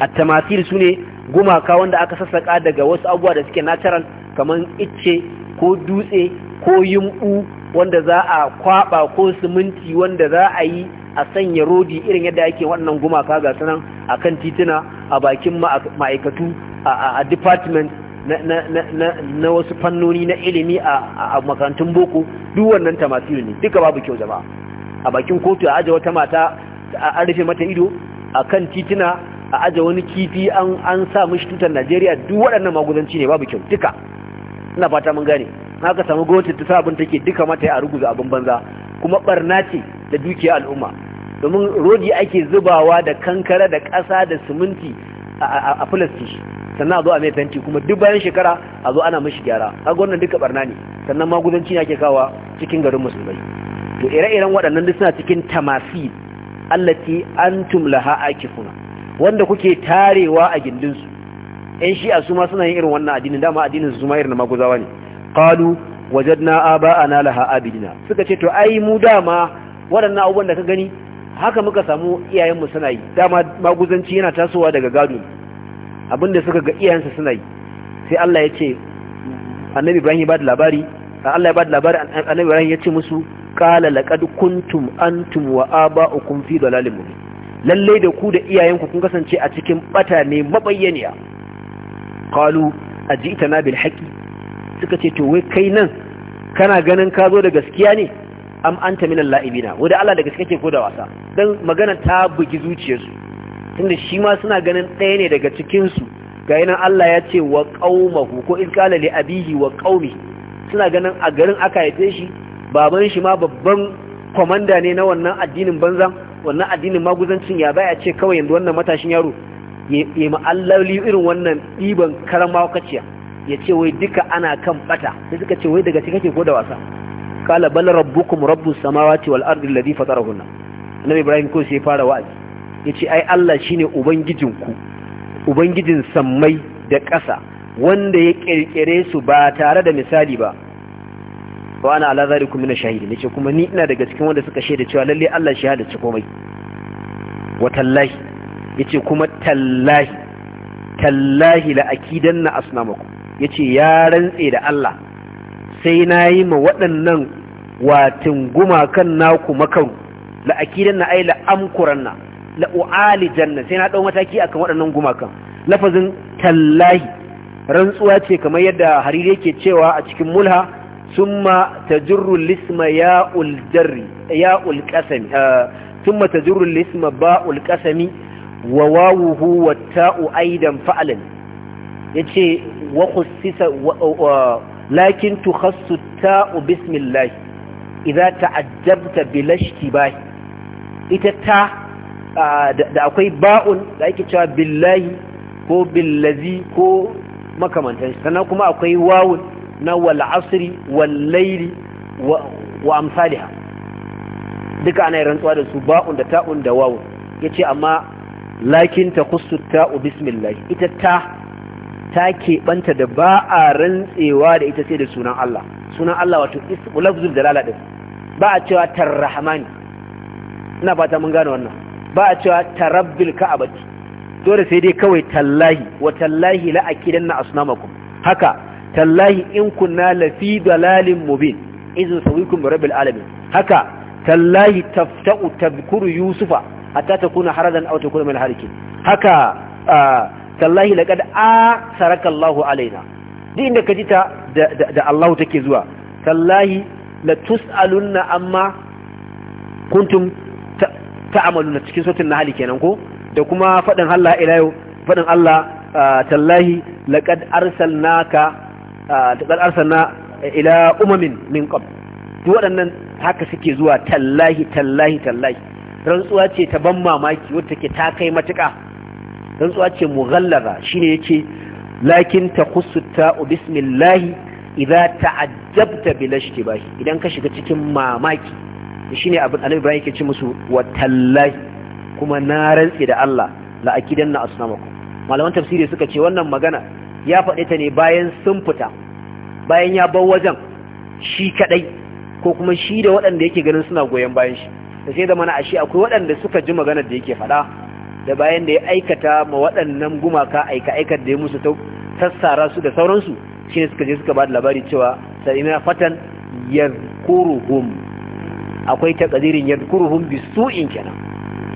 A at su sune gumaka wanda aka sassaƙa daga wasu abubuwa da suke natural kamar icce ko dutse ko yumbu wanda za a kwaba ko siminti wanda za a yi a sanya rodi irin yadda ake waɗannan gumaka ga sanan kan tituna a bakin ma'aikatu a department na wasu fannoni na ilimi a makarantun boko duk wannan tamasilu ne duka babu kyau jama'a a bakin kotu a aje wata mata a rufe mata ido a kan titina a aje wani kifi an sa mishi tutar najeriya duk waɗannan magudanci ne babu kyau duka ina fata mun gane na ka samu gwamnati ta sabon take duka mata a ruguza abin banza kuma barna ce da dukiya al'umma domin rodi ake zubawa da kankara da ƙasa da siminti a filastin sannan a zo a mai fenti kuma duk bayan shekara a zo ana mashi gyara kaga wannan duka barna ne sannan magudanci ake kawa cikin garin musulmai to ire-iren waɗannan duk suna cikin tamasi allati antum laha akifuna wanda kuke tarewa a gindin su shi shi'a su ma suna yin irin wannan addinin dama addinin su ma irin maguzawa ne qalu wajadna aba'ana laha abidina suka ce to ai mu dama waɗannan abubuwan da ka gani haka muka samu iyayenmu suna yi dama maguzanci yana tasowa daga gado abinda suka ga iyayensa suna yi sai Allah ya ce annabi Ibrahim ya bada labari Allah ya bada labari annabi Ibrahim ya ce musu qala laqad kuntum antum wa aba'ukum fi dalalim lalle da ku da iyayenku kun kasance a cikin bata ne mabayyaniya qalu ajitana bil haqi suka ce to wai kai nan kana ganin ka zo da gaskiya ne am anta al la'ibina wanda Allah da gaskiya ke ko da wasa dan magana ta bugi zuciyarsu tunda shi ma suna ganin ɗaya ne daga cikinsu ga yanan Allah ya ce wa ƙaumahu ko iskala li abihi wa ƙaumi suna ganin a garin aka haife shi baban shi ma babban kwamanda ne na wannan addinin banza? wannan addinin maguzancin ya baya ce kawai yanzu wannan matashin yaro ya ma'allali irin wannan ɗiban karama kaciya ya ce wai duka ana kan bata sai suka ce wai daga kake ko da wasa kala bal rabbukum rabbus samawati wal ardi alladhi fatarahunna annabi ibrahim ko sai fara wa'azi ya ce ai Allah shi ne Ubangijinku Ubangijin sammai da ƙasa wanda ya ƙirƙire su ba tare da misali ba ba ana alazari kuma na shahidi na ce kuma ni ina daga cikin wanda suka shaida cewa lalle Allah shi halicci komai wa tallahi ya ce kuma tallahi tallahi la akidan na asnamaku ya ce ya rantse da Allah sai na yi ma waɗannan watin gumakan naku makaru la akidan na ai la amkuran na la'u'ali janna sai na ɗau mataki akan waɗannan gumakan lafazin tallahi rantsuwa ce kamar yadda hariri yake cewa a cikin mulha summa tajurru lisma eh, summa tajurru lisma ba ulqasami wa wawuhu wa ta'u aidan fa'lan yace wa khussisa lakin tukhassu ta'u bismillah idza ta'ajjabta bil ita ta da akwai ba'un da ake cewa billahi ko billazi ko makamantan sannan kuma akwai wawun na wal asri wal laili wa amsalha duka ana rantsuwa da su ba'un da ta'un da wawun yace amma lakin ta khussu ta'u bismillah ita ta ta banta da ba a rantsewa da ita sai da sunan Allah sunan Allah wato lafzul dalala din ba a cewa tarrahmani ina fata mun gane wannan ba a cewa tarabbil ka'abati dole sai dai kawai tallahi wa tallahi la na asnamakum haka tallahi in kunna lafi dalalin mubin izin sawikum bi rabbil alamin haka tallahi tafta'u tadhkuru yusufa hatta takuna haradan aw takuna min harikin haka tallahi laqad asaraka Allahu alaina duk inda ka jita da Allah take zuwa tallahi la tus'alunna amma kuntum ta'amaluna cikin sautin na hali kenan ko da kuma faɗin Allah ila yau faɗin Allah tallahi laqad arsalnaka laqad arsalna ila umamin min qabl to waɗannan haka suke zuwa tallahi tallahi tallahi rantsuwa ce ta ban mamaki wadda take ta kai matuka. rantsuwa ce mughallaza shine yace lakin takhussu ta'u bismillah idza ta'ajjabta bil ishtibahi idan ka shiga cikin mamaki shine abin annabi Ibrahim yake ce musu wa tallahi kuma na rantsi da Allah la akidanna asnamakum malaman tafsiri suka ce wannan magana ya faɗe ta ne bayan sun fita bayan ya bar wajen shi kadai ko kuma shi da waɗanda yake ganin suna goyon bayan shi da sai da mana ashe akwai waɗanda suka ji maganar da yake faɗa da bayan da ya aikata ma waɗannan gumaka aika aika da ya musu ta tassara su da sauransu shine suka je suka ba da labari cewa sa'ina fatan yadkuruhum akwai takadirin yadhkuruhum bi su'in kenan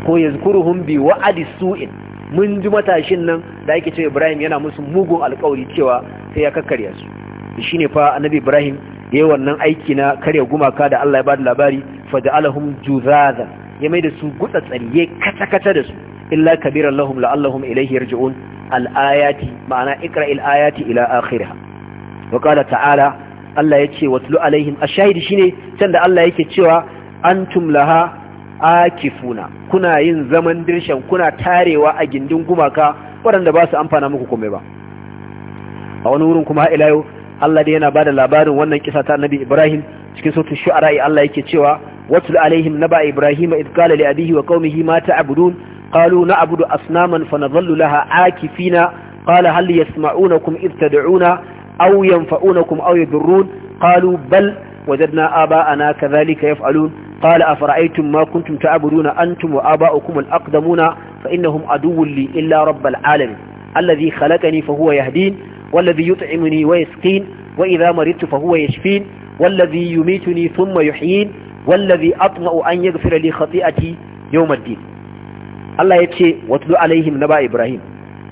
ko yadhkuruhum bi wa'adi su'in mun ji matashin nan da yake cewa Ibrahim yana musu mugun alƙawari cewa sai ya kakkarya su shine fa annabi Ibrahim yayi wannan aiki na karya gumaka da Allah ya bada labari faja'alahum juzaza ya mai da su gutsatsariye kata-kata da su illa kabiran lahum la'allahum ilaihi yarji'un al-ayati ma'ana iqra ayati ila akhirha wa qala ta'ala Allah yace watlu alaihim ashahidi shine can da Allah yake cewa antum laha akifuna kuna yin zaman dirshen kuna tarewa a gindin gumaka waɗanda ba su amfana muku komai ba a wani wurin kuma ila yau Allah dai yana bada labarin wannan kisa ta Nabi Ibrahim cikin sautu shu'ara Allah yake cewa watul alaihim naba Ibrahim id qala li abihi wa qaumihi ma ta'budun qalu na'budu asnaman fa nadhallu laha akifina qala hal yasma'unakum id tad'una aw yanfa'unakum aw yadurrun qalu bal wajadna aba'ana kadhalika yaf'alun قال أفرأيتم ما كنتم تعبدون أنتم وآباؤكم الأقدمون فإنهم عدو لي إلا رب العالمين الذي خلقني فهو يهدين والذي يطعمني ويسقين وإذا مرضت فهو يشفين والذي يميتني ثم يحيين والذي أطمع أن يغفر لي خطيئتي يوم الدين Allah ya ce watlu alaihim na ba Ibrahim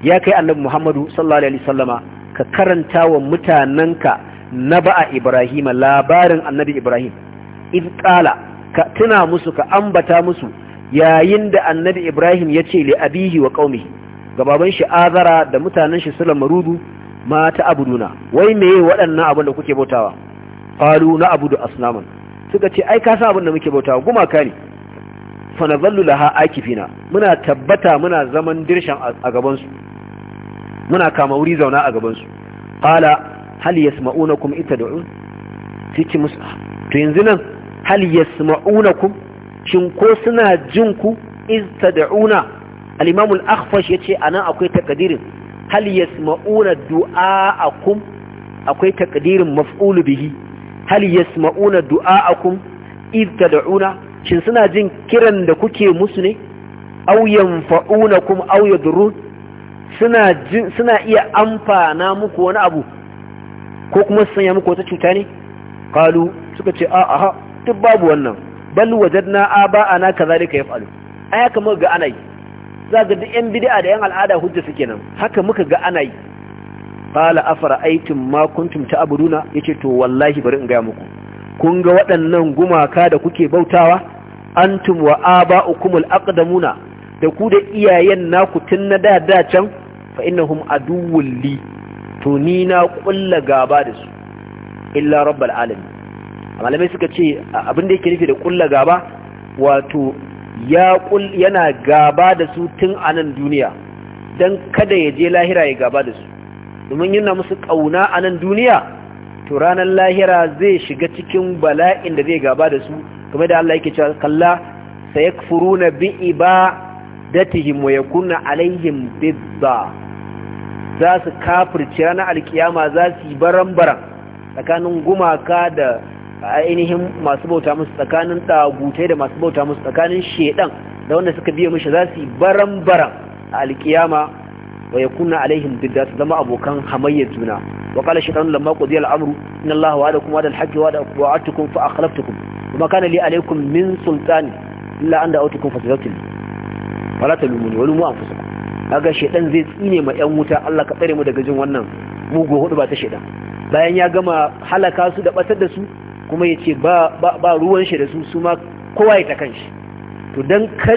ya kai annabi Muhammadu sallallahu alaihi sallama ka karanta wa mutanenka na ba Ibrahim labarin annabi Ibrahim iz qala ka tuna musu ka ambata musu yayin da annabi ibrahim ya ce li abihi wa qaumihi gababan shi azara da mutanen shi sulan marudu ma ta abuduna wai meye waɗannan abin da kuke bautawa qalu na abudu asnaman suka ce ai ka san abin da muke bautawa gumaka ne fa nazallu laha akifina muna tabbata muna zaman dirshan a gaban su muna kama wuri zauna a gaban su qala hal yasma'unakum itad'un fiki musa musu ah, to yanzu nan hal yasma'unakum shin ko suna jin ku iz tad'una al-imam al-akhfash yace anan akwai takdirin hal yasma'una du'aakum akwai takdirin maf'ul bihi hal yasma'una du'aakum iz tad'una shin suna jin kiran da kuke musu ne aw yanfa'unakum aw yadurun suna jin suna iya amfana muku wani abu ko kuma su sanya muku wata cuta ne qalu suka ce a'a duk babu wannan bal wajadna aba ana kazalika yaf'alu ai haka muka ga ana za ga duk yan bid'a da yan al'ada hujja suke nan haka muka ga ana yi qala afara'aytum ma kuntum ta'buduna yace to wallahi bari in ga muku kun ga waɗannan gumaka da kuke bautawa antum wa aba'ukumul aqdamuna da ku da iyayen naku tun na da da can fa innahum aduwwul li to ni na kulla gaba da su illa rabbul alamin malamai suka ce abin da yake nufi da kulla gaba wato ya yana gaba da su tun a nan duniya don kada ya je lahira ya gaba da su domin yana musu kauna a nan duniya to ranar lahira zai shiga cikin bala'in da zai gaba da su game da Allah yake cewa kalla sayakfuruna bi datihim wa yakuna alaihim bidda za su kafirci ranar alkiyama za su yi baran-baran tsakanin gumaka da A ainihin masu bauta musu tsakanin ɗagutai da masu bauta musu tsakanin shedan da wanda suka biya mishi za su yi baran-baran a alkiyama wa ya kuna alaihim didda su zama abokan hamayyar juna wa kala shaitanu lamma qudiya al-amru inna allaha wa'adakum wa'ada al-haqqi wa'ada wa'atukum fa akhlaftukum wa ma kana li alaykum min sultani illa an da'awtukum fa tazakkaru fala talumuni wa lumu anfusakum kaga shaitan zai tsine ma yan wuta Allah ka tsare mu daga jin wannan mugu hudu ba ta shaitan bayan ya gama halaka su da batar da su kuma ya ce ba ruwan shi da su su ma kowa ya ta kan shi to don kar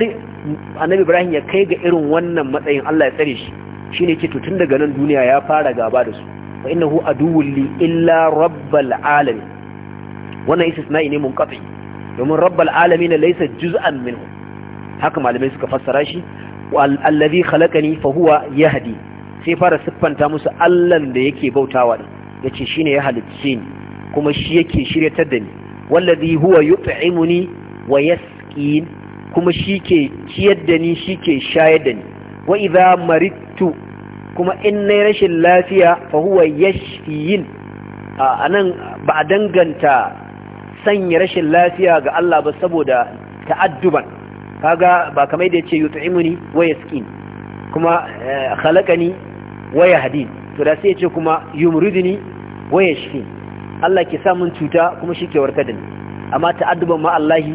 annabi ibrahim ya kai ga irin wannan matsayin allah ya tsare shi shi ne ce tun daga nan duniya ya fara gaba da su wa hu a li illa rabbal alami wannan istisna'i ne munqati domin rabbal na laysa juz'an minhu haka malamai suka fassara shi allabi khalaqani fa huwa yahdi sai fara siffanta musu allan da yake bautawa din yace shine ya halicce ni kuma shi yake shiryatar da ni wallazi huwa yut'imuni wa yasqin kuma shi ke ciyar da ni shi ke shayar da ni wa idza maridtu kuma in nayi rashin lafiya fa huwa yashfiin anan ba a danganta sanya rashin lafiya ga Allah ba saboda ta'adduban kaga ba kamar da yace yut'imuni wa yasqin kuma eh, khalaqani wa yahdin to da sai yace kuma yumriduni wa yashfin Hmm. Allah ke sa mun cuta kuma shi ke warkar da ni amma ta'adduban ma Allahi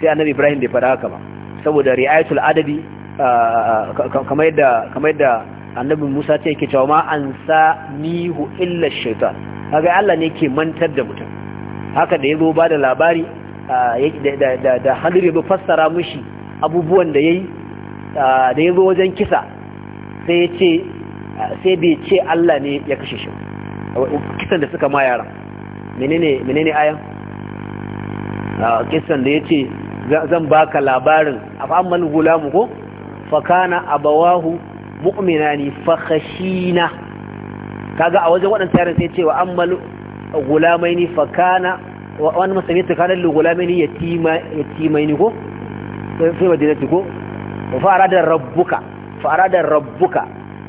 sai annabi Ibrahim bai fara haka ba saboda ri'ayatul adabi ah, ah, kamar yadda kamar yadda annabi Musa ce yake cewa ma ansa sa illa shaitan kaga Allah ne ke mantar da mutum haka da yazo ba da labari ah, da da hadir fassara mushi abubuwan da yayi da yazo wajen kisa sai ya ce sai bai ce Allah ne ya kashe shi kisan da suka ma yaran menene menene ayan a ah, kisan da yace zan baka labarin afamman gulamu ko fakana abawahu mu'minani fakhashina kaga a wajen waɗansu yaran sai cewa ammal gulamaini fakana wani musamman ta kanar gulamaini yatima yatimaini ko sai madinati ko fa arada rabbuka fa arada rabbuka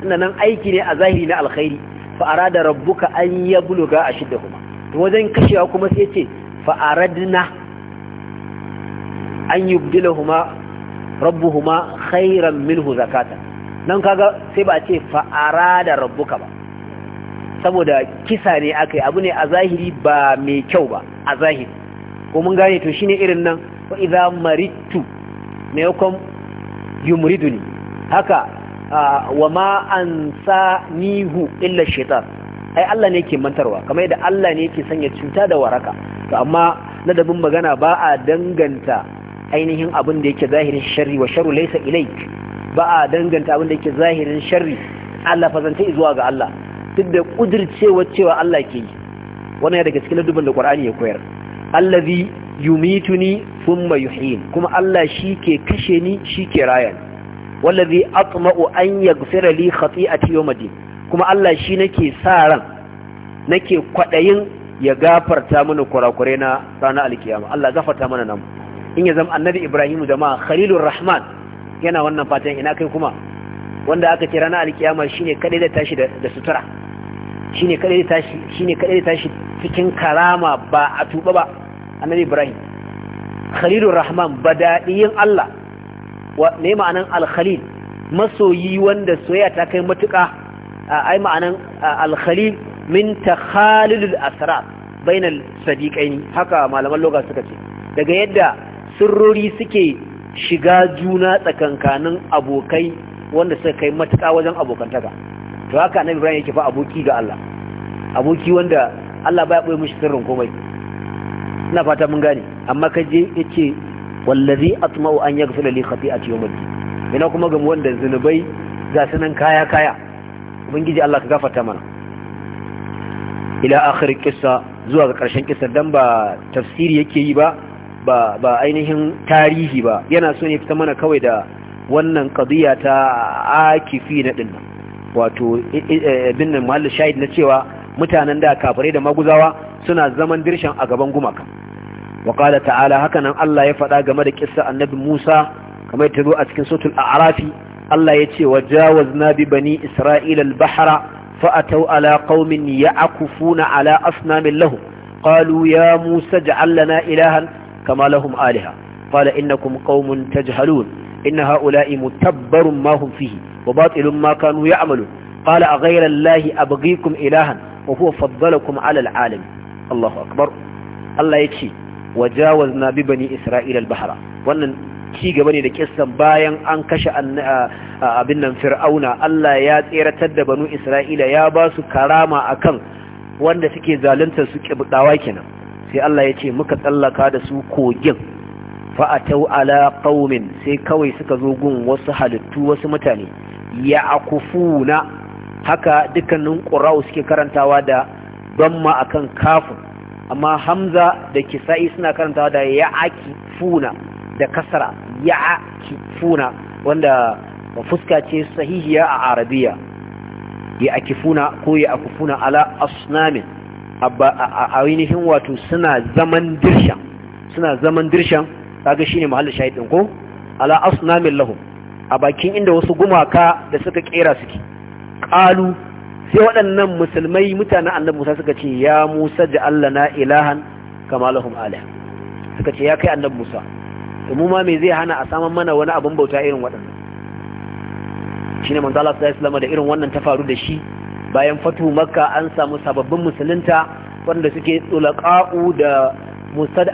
inda nan aiki ne a zahiri na alkhairi fa arada rabbuka an yabluga ashidda kuma wajen kashewa kuma sai ce fa'aradna an yi rabu huma khairan milhu zakata nan kaga sai ba a ce fa'arada rabbuka ba saboda kisa ne aka yi abu ne a zahiri ba mai kyau ba a zahiri ko mun gane to shine irin nan ko idza maritu maimakon ne haka wa sa nihu illa shetar ai Allah ne yake mantarwa kamar yadda Allah ne yake sanya cuta da waraka to amma ladabin magana ba a danganta ainihin abin da yake zahirin sharri wa sharru laysa ilayk ba a danganta abin da yake zahirin sharri Allah fazanta zuwa ga Allah duk da kudircewa cewa Allah ke yi wannan daga cikin ladabin da Qur'ani ya koyar allazi yumituni thumma yuhyin kuma Allah shi ke kashe ni shi ke raya wallazi atma'u an yaghfira li khati'ati yawmiddin kuma Allah shi nake sa ran nake kwaɗayin ya gafarta mana kurakure na ranar alkiyama Allah gafarta mana nan in ya zama annabi Ibrahim jama'a Khalilur Rahman yana wannan fatan ina kai kuma wanda aka ce ranar alkiyama shine kadai da tashi da sutura shine kadai da tashi shine kadai da tashi cikin karama ba a tuba ba annabi Ibrahim Khalilur Rahman badadiyin Allah wa ne ma'anan al-Khalil masoyi wanda soyayya ta kai matuƙa ai ma'anan alkhalil min takhalilul asrar bainal sadiqaini haka malaman lokaci suka ce daga yadda sirrori suke shiga juna tsakankanin abokai wanda suka kai matuƙa wajen abokantaka to haka annabi Ibrahim yake fa aboki ga Allah aboki wanda Allah baya koyi mishi sirrin komai ina fata mun gane amma kaje yace wallazi atma'u an yaghfira li khati'ati yawmiddin ina kuma ga wanda zunubai ga sunan kaya kaya ubangiji Allah ka gafarta mana ila akhir kissa zuwa ga karshen kissa dan ba tafsiri yake yi ba ba ainihin tarihi ba yana so ne fita mana kawai da wannan qadiya ta akifi na din wato ibn eh, muhallin shahid na cewa mutanen da kafirai da maguzawa suna zaman dirshan a gaban gumaka wa qala ta'ala hakanan Allah ya faɗa game da kissa annabi Musa kamar ta zo a cikin suratul a'rafi Allah ya ce wa jawazna bi bani Isra'ila al-bahra fa'atau ala qaumin ya'kufuna ala asnamin lahum qalu ya Musa ij'al lana ilahan kama lahum aliha qala innakum qaumun tajhalun in ha'ula'i mutabbarun ma hum fihi wa batilun ma kanu ya'malun qala aghayra allahi abghikum ilahan wa huwa faddalakum kuma alal alam Allahu akbar Allah ya ce wa jawazna bi bani Isra'ila al-bahra wannan ci gaba ne da kissan bayan an kashe abin nan fir'auna Allah ya tseratar da banu Isra'ila ya ba su karama akan wanda suke zaluntar su kibdawa kenan sai Allah ya ce muka tsallaka da su kogin fa'atau ala qaumin sai kawai suka zo gun wasu halittu wasu mutane ya akufuna haka dukkanin ƙura'u suke karantawa da bamma akan kafin amma hamza da kisa'i suna karantawa da ya akifuna da kasara ya kifuna wanda fuska ce sahihiya a arabiya ya kifuna ko ya akufuna ala asnamin a ainihin wato suna zaman dirshan suna zaman dirshan kaga shine mahallin shahidin ko ala asnamin lahum a bakin inda wasu gumaka da suka kera suke kalu sai waɗannan musulmai mutanen annabi Musa suka ce ya Musa da Allah na ilahan kama lahum suka ce ya kai annabi Musa to mu ma me zai hana a saman mana wani abin bauta irin waɗannan Shi ne manzala su da irin wannan ta faru da shi bayan fatu makka an samu sababbin musulunta wanda suke tsulaƙa'u da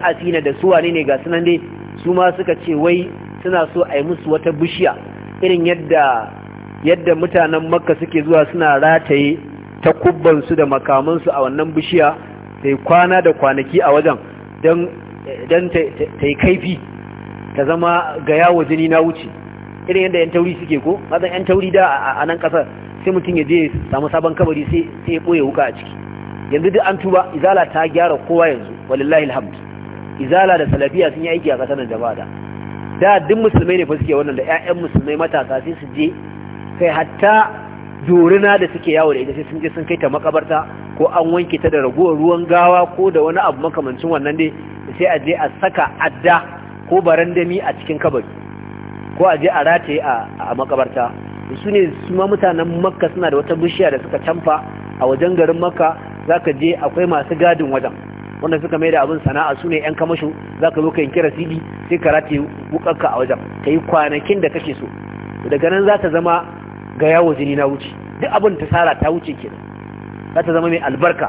asina da wane ne ga sunan dai su ma suka ce wai suna so a yi musu wata bishiya irin yadda mutanen makka suke zuwa suna rataye ta kubbansu da makamansu a wannan bishiya ta kwana da kwanaki a wajen don ta yi kaifi ta zama ga yawo jini na wuce irin yadda yan tauri suke ko mazan yan tauri da a nan kasar sai mutum ya je samu sabon kabari sai ya ɓoye wuka a ciki yanzu duk an tuba izala ta gyara kowa yanzu walillahi alhamdu izala da salafiya sun yi aiki a ƙasar nan jama'a da duk musulmai ne fa suke wannan da ƴaƴan musulmai matasa sai su je kai hatta dorina da suke yawo da ita sai sun je sun kai ta makabarta ko an wanke ta da ragowar ruwan gawa ko da wani abu makamancin wannan dai sai a je a saka adda ko barandami a cikin kabari ko a je a rataye a makabarta su ne su ma mutanen makka suna da wata bishiya da suka canfa a wajen garin makka za ka je akwai masu gadin wajen wanda suka mai da abin sana'a su ne 'yan kamasho za ka zo ka yanki Sidi sai ka rataye wukarka a wajen ka yi kwanakin da kake so daga nan za ta zama ga yawo jini na wuce duk abin ta sara ta wuce kenan za ta zama mai albarka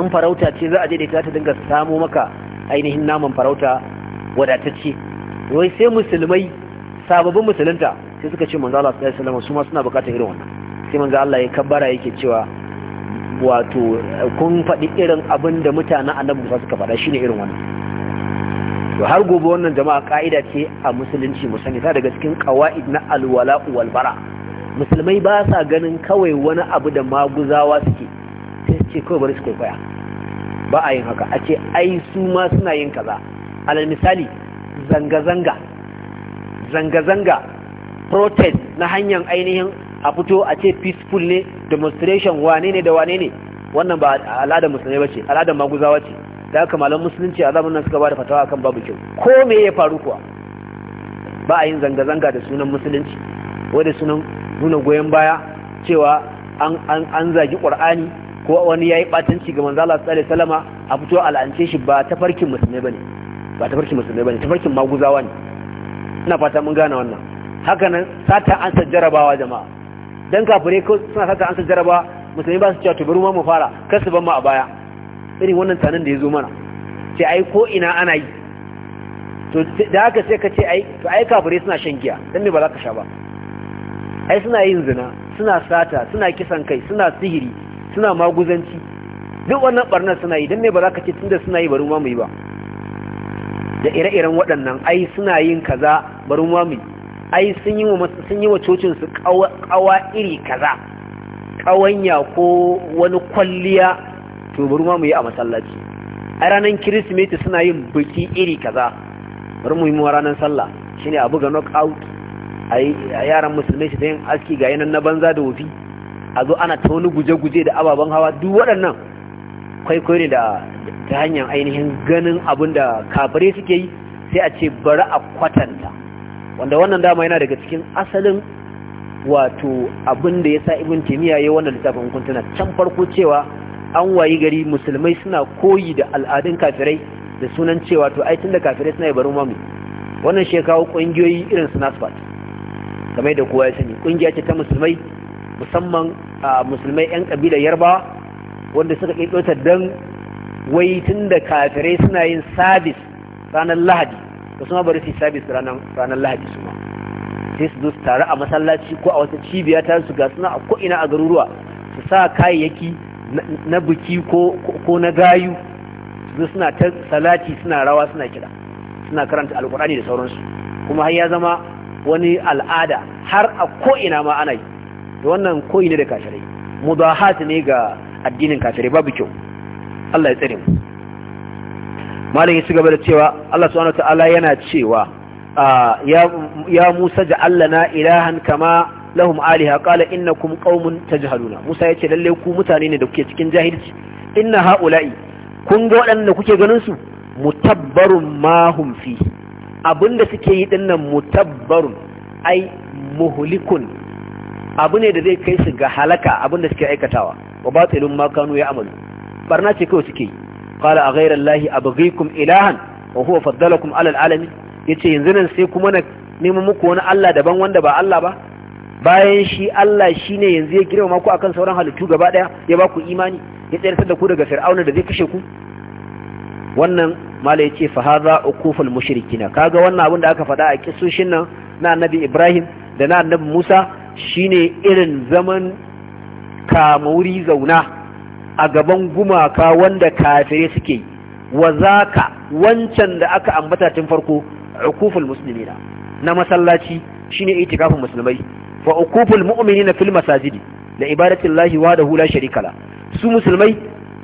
an farauta ce za a je da ita za ta dinga samo maka ainihin naman farauta wadatacce wai sai musulmai sababbin musulunta sai suka ce manzo Allah sallallahu alaihi wasallam su ma suna bukatar irin wannan sai manzo Allah ya kabbara yake cewa wato kun faɗi irin abin da mutanen annabi Musa suka faɗa shine irin wannan to har gobe wannan jama'a ka'ida ce a musulunci musani ta daga cikin qawaid na alwala wal bara musulmai ba sa ganin kawai wani abu da maguzawa suke sai su ce kawai bari su kwaikwaya ba a yin haka a ce ai su ma suna yin kaza alal misali zanga-zanga zanga-zanga protest na hanyar ainihin a fito a ce peaceful ne demonstration wane ne da wane ne wannan ba al'adar musulmai ba ce al'adar maguzawa ce da aka malam musulunci a zamanin suka ba da fatawa akan babu kyau ko me ya faru kuwa ba a yin zanga-zanga da sunan musulunci wanda sunan nuna goyon baya cewa an zagi Ƙur'ani, ko wani ya yi ɓatanci ga manzala salama a fito al'ance shi ba ta farkin musulmai ba ne ba tafarkin musulmai bane tafarkin maguzawa ne ina fata mun gane wannan haka nan sata an jarabawa jama'a dan kafure ko suna sata an jarabawa musulmai ba su cewa to bari mu fara kar su ban ma a baya irin wannan tanan da ya zo mana sai ai ko ina ana yi to da haka sai ka ce ai to ai kafure suna shan giya dan me ba za ka sha ba ai suna yin zina suna sata suna kisan kai suna sihiri suna maguzanci duk wannan barnar suna yi dan me ba za ka ce tunda suna yi bari mu yi ba da ire-iren waɗannan ai suna yin kaza bari ma ai sun yi wa sun yi wa cocin su kawa iri kaza kawanya ko wani kwalliya to bari ma mu yi a masallaci a ranar kirismeti suna yin biki iri kaza bari mu yi mu ranar sallah shine abu ga knock out Ai yaran musulmai su ta yin aski ga yanan na banza da wofi a zo ana ta wani guje-guje da ababen hawa duk waɗannan kwaikwayo ne da ta hanyar ainihin ganin abin da kafare suke yi sai a ce bari a kwatanta wanda wannan dama yana daga cikin asalin wato abin da ya sa ibn taymiya yayin wannan littafin kuntuna can farko cewa an wayi gari musulmai suna koyi da al'adun kafirai da sunan cewa to ai tunda kafirai suna yi barin mamu wannan shi kawo kungiyoyi irin su nasfat kamar da kowa ya sani kungiya ce ta musulmai musamman musulmai yan kabilar yarbawa wanda suka kirkiro ta dan wai tun da kafirai suna yin sabis ranar lahadi da ma bari su yi sabis ranar lahadi su ma sai su zuwa tare a masallaci ko a wata cibiya ta su ga suna a ko'ina a garuruwa su sa kayayyaki na buki ko na gayu su suna ta salati suna rawa suna kira suna karanta alkurani da sauransu kuma har ya zama wani al'ada har a ko'ina ma ana yi da wannan ko'ina da kafirai mudahat ne ga addinin kafirai babu kyau Allah ya tsare mu malam ya ci gaba da cewa Allah subhanahu ta'ala yana cewa ah, ya Musa ja'allana ilahan kama lahum aliha qala innakum qaumun tajhaluna Musa ya ce lalle ku mutane ne da kuke cikin jahilci inna haula'i kun ga waɗanda kuke ganin su mutabbarun ma hum fi abinda suke yi dinnan mutabbarun ai muhlikun abu ne da zai kai su ga halaka abinda suke aikatawa wa batilun ma kanu ya amalu barna ce kawai suke yi qala a ghayra allahi abghikum ilahan wa huwa faddalakum ala alalamin yace yanzu nan sai kuma na nemi muku wani Allah daban wanda ba Allah ba bayan shi Allah shine yanzu ya girma ku akan sauran halittu gaba daya ya ba ku imani ya tsayar da ku daga fir'auna da zai kashe ku wannan mala yace fa hadha uquful mushrikina kaga wannan abin da aka faɗa a kisoshin nan na annabi Ibrahim da na annabi Musa shine irin zaman kamuri zauna a gaban gumaka wanda kafirai suke wa zaka wancan da aka ambata tun farko ukuful muslimina na masallaci shine itikafin musulmai wa ukuful na fil masajidi la ibadatillahi wahdahu la sharika la su musulmai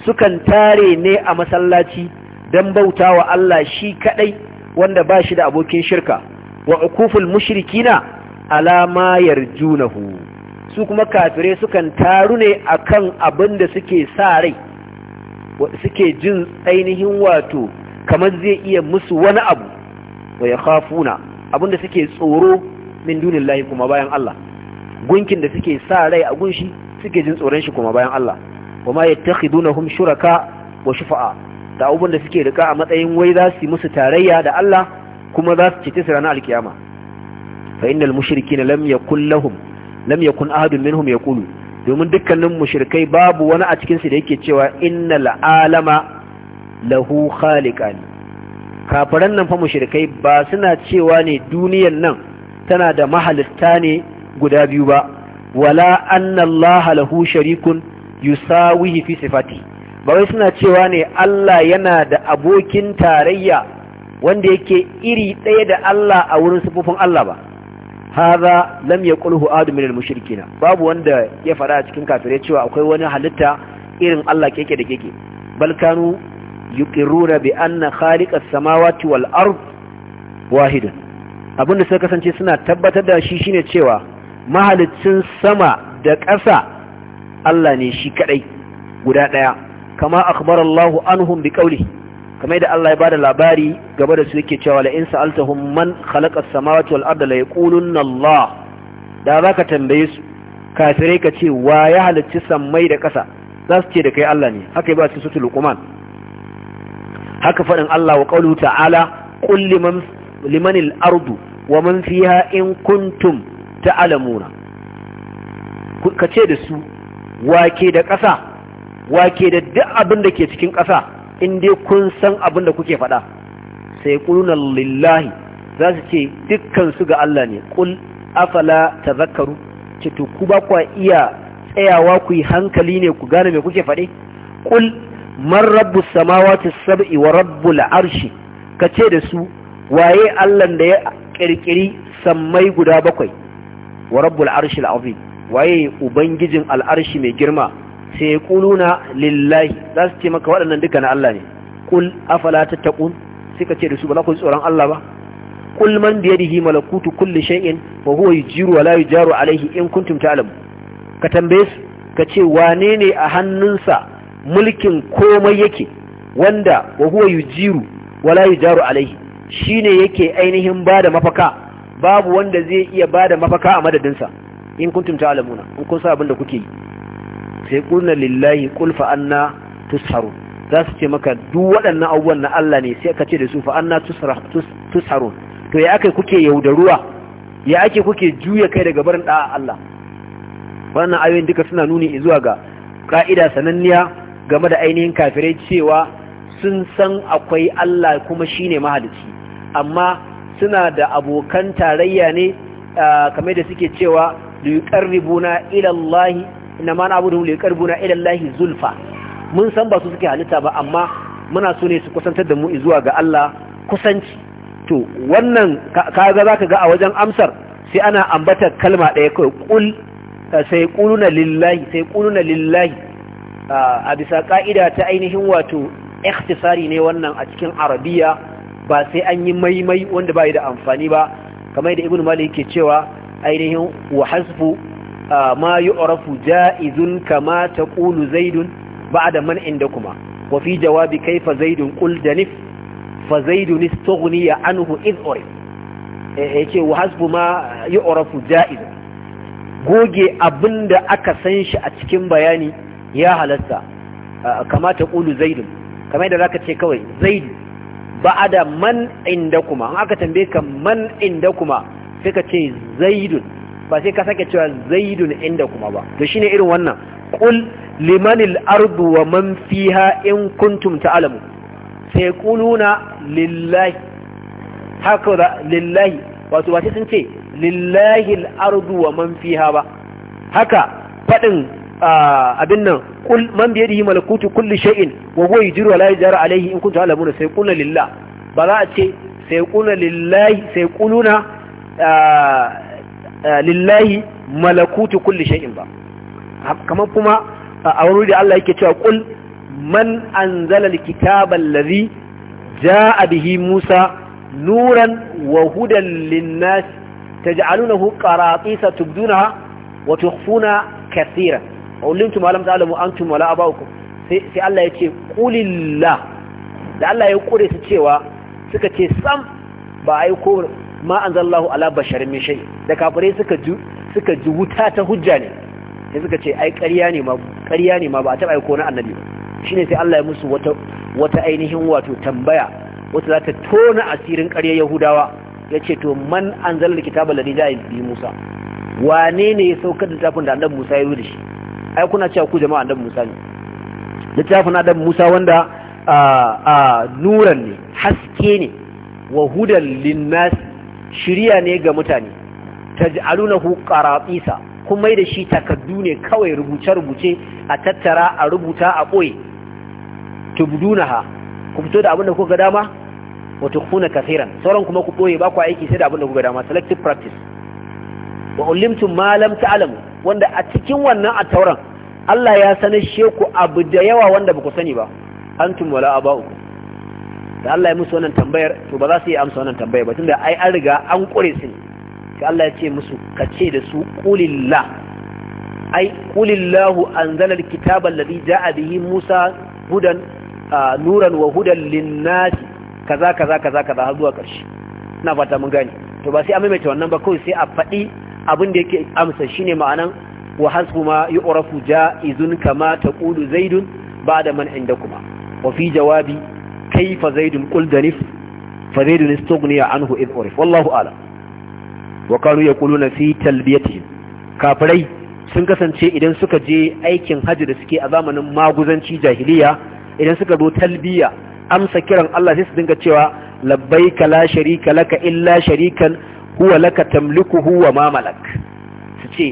sukan tare ne a masallaci dan bautawa Allah shi kadai wanda ba shi da abokin shirka wa ukuful mushrikina ala ma yarjunahu su kuma kafirai sukan taru ne akan abin da suke sa rai suke jin ainihin wato kamar zai iya musu wani abu wa ya khafuna abin da suke tsoro min dunin lahi kuma bayan Allah gunkin da suke sa rai a gunshi suke jin tsoron shi kuma bayan Allah wa ma yattakhidunahum shuraka wa shufa'a da abin da suke rika a matsayin wai za su yi musu tarayya da Allah kuma za su ci su na alkiyama fa innal mushrikina lam yakul lahum lam yakun ahadun minhum yaqulu domin dukkanin mushrikai babu wani a cikin su da yake cewa innal alama lahu khaliqan kafiran nan fa mushrikai ba suna cewa ne duniyar nan tana da mahalitta ne guda biyu ba wala anna Allah lahu sharikun yusawihi fi sifati ba wai suna cewa ne Allah yana da abokin tarayya wanda yake iri ɗaya da Allah a wurin sufufin Allah ba hadha lam yaqulhu adu min al babu wanda ya fara a cikin kafirai cewa akwai wani halitta irin Allah keke da keke bal kanu yuqirruna bi anna khaliq as-samawati wal ard Abin abinda suka kasance suna tabbatar da shi shine cewa mahaliccin sama da ƙasa Allah ne shi kadai guda daya kama akhbarallahu anhum bi qawlihi kamar da Allah ya bada labari gaba da su yake cewa la in sa'altahum man khalaqa as-samawati wal arda la yaqulunna Allah da zaka tambaye su kafirai ka ce wa ya halicci sammai da ƙasa za su ce da kai Allah ne haka ba su sutu luqman haka fadin Allah wa qawluhu ta'ala qul liman liman al-ardu wa man fiha in kuntum ta'lamuna ka ce da su wake da ƙasa wake da duk abin da ke cikin ƙasa in dai kun san abin da kuke faɗa sai kuluna lillahi za su ce dukkan su ga Allah ne kul afala tazakkaru ce to ku ba kwa iya tsayawa ku yi hankali ne ku gane me kuke faɗe kul man rabbus samawati sab'i wa rabbul arshi kace da su waye Allah da ya kirkiri sammai guda bakwai wa rabbul arshil azim waye ubangijin al'arshi mai girma sai kuluna lillahi za su ce maka waɗannan duka na Allah ne kul afala tattaqun suka ce da su ba za ku tsoron Allah ba kul man bi yadihi malakutu kulli shay'in wa huwa yujiru wa la yujaru alayhi in kuntum alamu. ka tambaye su ka ce wane ne a hannunsa mulkin komai yake wanda wa huwa yujiru wa la yujaru alayhi shine yake ainihin bada mafaka babu wanda zai iya bada mafaka a madadinsa in kuntum ta'lamuna in kun sa abin da kuke yi sai kuna lillahi qul fa anna tusharun za su ce maka duk waɗannan abubuwan na Allah ne sai ka ce da su fa anna tusharun to ya ake kuke yaudaruwa ya ake kuke juya kai daga barin da Allah wannan ayoyin duka suna nuni zuwa ga ka'ida sananniya game da ainihin kafirai cewa sun san akwai Allah kuma shine mahalici amma suna da abokan tarayya ne kamar da suke cewa liqarribuna ila Allah inna ma na'budu li qarbuna ila allahi zulfa mun san ba su suke halitta ba amma muna so ne su kusantar da mu zuwa ga Allah kusanci to wannan kaga zaka ga a wajen amsar sai ana ambatar kalma ɗaya kai, kul sai kuluna lillahi sai quluna lillahi a bisa ka'ida ta ainihin wato ikhtisari ne wannan a cikin arabiya ba sai an yi maimai wanda bai da amfani ba kamar da ibnu malik ke cewa ainihin wa hasbu ma yu'rafu ja'izun kama taqulu zaidun ba'da man indakuma wa fi jawabi kayfa zaidun qul danif fa zaidun ya anhu id urif yace wa hasbu ma yu'rafu ja'izun goge abinda aka san shi a cikin bayani ya halasta kama taqulu zaidun kamar yadda zaka ce kawai zaidu da man indakuma an aka tambaye ka man kuma sai ka ce zaidun ba sai ka sake cewa zaidun inda kuma ba to shine irin wannan qul limanil ardu wa man fiha in kuntum ta'lamu sai quluna lillahi hakaza lillahi wato ba sun ce lillahi al-ardu wa man fiha ba haka fadin abin nan kul man bi yadihi malakutu kulli shay'in wa huwa yujiru la yujaru alayhi in kuntum ta'lamuna sai qulna lillah ba za a ce sai qulna lillahi sai quluna lillahi malakutu kulli shay'in ba kamar kuma a wurin da Allah yake cewa kul man anzala alkitaba allazi jaa bihi Musa nuran wa hudan linnas taj'alunahu qaratisa tubdunaha wa tukhfuna kathiran ulimtum alam ta'lamu antum wala abaukum sai Allah ya ce kulillah da Allah ya kure su cewa suka ce sam ba aiko ma anzalallahu ala bashar min shay da kafirai suka ji suka ji wuta ta hujja ne sai suka ce ai ƙarya ne ma ƙarya ne ma ba a taɓa aiko na annabi ba shine sai Allah ya musu wata wata ainihin wato tambaya wata za ta tona asirin karya Yahudawa yace to man anzala alkitaba alladhi ja'a bi Musa wane ne ya saukar da littafin da annabi Musa ya yi da shi ai kuna cewa ku jama'a annabi Musa ne littafin annabi Musa wanda a nuran ne haske ne wa hudan linnas shiriya ne ga mutane taj'alunahu qaratisa kuma yi da shi takaddu ne kawai rubuce-rubuce a tattara a rubuta a ɓoye tubdunaha ku fito da abin da kuka dama wata kuna kafiran. sauran kuma ku ɓoye ba ku aiki sai da abin da kuka dama selective practice wa ulimtum ma lam alamu wanda a cikin wannan a tauran Allah ya sanar sheku abu da yawa wanda ba ku sani ba antum wala aba'ukum da Allah ya musu wannan tambayar to ba za su yi amsa wannan tambayar ba tunda ai an riga an kure su sai Allah ya ce musu ka ce da su qulillah ai qulillahu anzala alkitaba alladhi ja'a bihi Musa hudan nuran wa hudan linnas kaza kaza kaza kaza har zuwa karshe ina fata mun gane to ba sai an maimaita wannan ba kawai sai a faɗi abin da yake amsa shine ma'anan wa hasbuma yu'rafu ja'izun kama taqulu zaidun ba da man kuma wa fi jawabi kaifa zaidun quldanif fa zaidun istughniya anhu id urif wallahu a'lam wa kanu yaquluna fi talbiyatihim kafirai sun kasance idan suka je aikin hajji da suke a zamanin maguzanci jahiliya idan suka zo talbiya amsa kiran Allah sai su dinga cewa labbaika la sharika laka illa sharikan huwa laka tamlikuhu wa ma malak su ce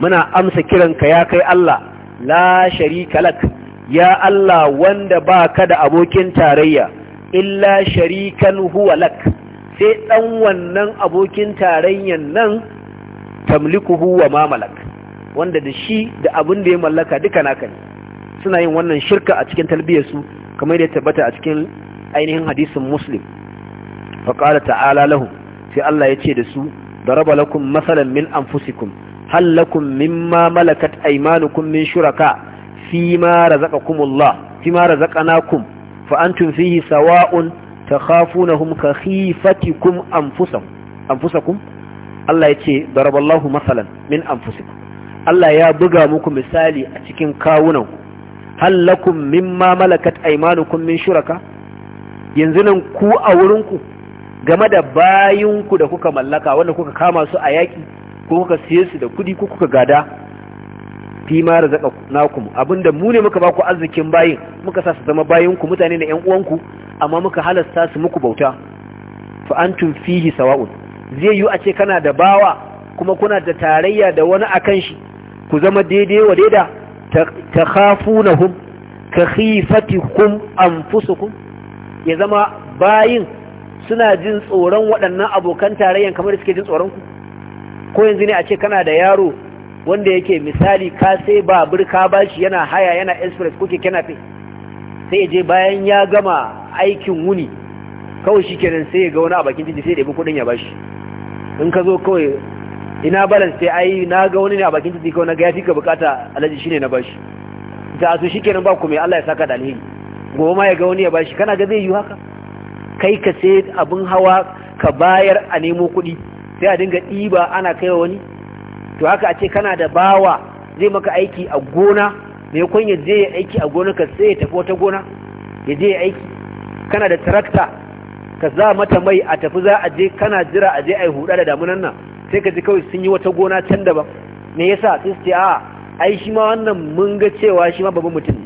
muna amsa ka ya kai Allah la sharika lak. ya Allah wanda ba ka da abokin tarayya illa sharikan huwalak, sai ɗan wannan abokin tarayyan nan tamliku huwa mamalak, wanda da shi da abin da ya mallaka duka naka ne suna yin wannan shirka a cikin talbiyarsu kamar da tabbata a cikin ainihin hadisin muslim faƙala ta'ala lahu sai Allah ya ce da su daraba lakum masalan min anfusikum hal lakum mimma malakat aymanukum min shuraka fi ma razaqakumullah fi ma razaqnakum fa antum fihi sawa'un takhafunahum ka khifatikum anfusakum anfusakum Allah yace daraballahu masalan min anfusikum Allah ya buga muku misali a cikin kawunanku hal lakum mimma malakat aymanukum min shuraka yanzu nan ku a wurinku game da bayinku da kuka mallaka wanda kuka kama su a yaki ko kuka siye su da kudi ko kuka gada fi ma nakum abinda mu ne muka baku arzikin bayin muka sa su zama bayinku mutane na yan uwanku amma muka halasta su muku bauta fa antum fihi sawa'un zai yi a ce kana da bawa kuma kuna da tarayya da wani akan shi ku zama daidai wa daida ta khafunahum ka khifatikum anfusukum ya zama bayin suna jin tsoron waɗannan abokan tarayyan kamar suke jin tsoron ku ko yanzu ne a ce kana da yaro wanda yake misali ka sai babur ka bashi yana haya yana express kuke kenafe sai je bayan ya gama aikin wuni kawai shikenan sai ya ga wani a bakin titi sai ya ɗabi kuɗin ya bashi in ka zo kawai ina balance sai ai na ga wani ne a bakin titi kawai na ga ya fi ka bukata alaji ne na bashi da shi kenan ba ku mai Allah ya saka da alheri gobe ma ya ga wani ya bashi kana ga zai yi haka kai ka sai abin hawa ka bayar a nemo kuɗi sai a dinga ɗiba ana kaiwa wani to haka a ce kana da bawa zai maka aiki a gona mai kun ya zai aiki a gona ka sai ya tafi wata gona ya je aiki kana da tarakta ka za mata mai a tafi za a je kana jira a je a yi huda da damunan nan sai ka ji kawai sun yi wata gona can daban me yasa sai su ce a ai shi ma wannan mun ga cewa shi ma babban mutum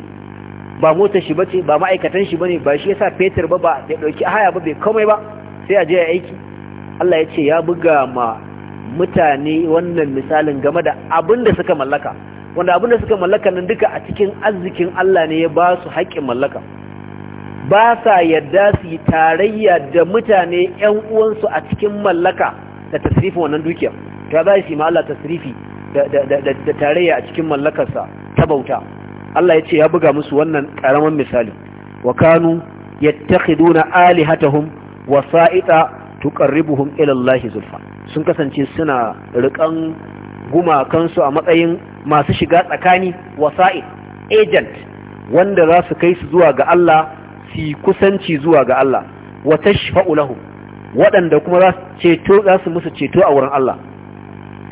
ba motar shi ba ce ba ma'aikatan shi ba ne, ba shi yasa fetur ba ba bai a haya ba bai komai ba sai a je ya aiki Allah ya ce ya buga ma mutane wannan misalin game da abin da suka mallaka wanda abin da suka mallaka nan duka a cikin arzikin Allah ne ya ba su haƙƙin mallaka ba sa yadda su yi tarayya da mutane ‘yan uwansu a cikin mallaka da tasrifin wannan dukiya ta za su yi ma Allah tasrifi da tarayya a cikin mallakarsa ta bauta Allah ya ce ya buga musu wannan ƙaramin misali wa kanu yattakhiduna alihatahum wasa'ita tuqarribuhum ila Allah zulfa sun kasance suna rikan gumakansu a matsayin masu shiga tsakani wasa'id agent wanda za su kai su zuwa ga Allah su kusanci zuwa ga Allah wa tashfa'u lahum waɗanda kuma za su ceto za su musu ceto a wurin Allah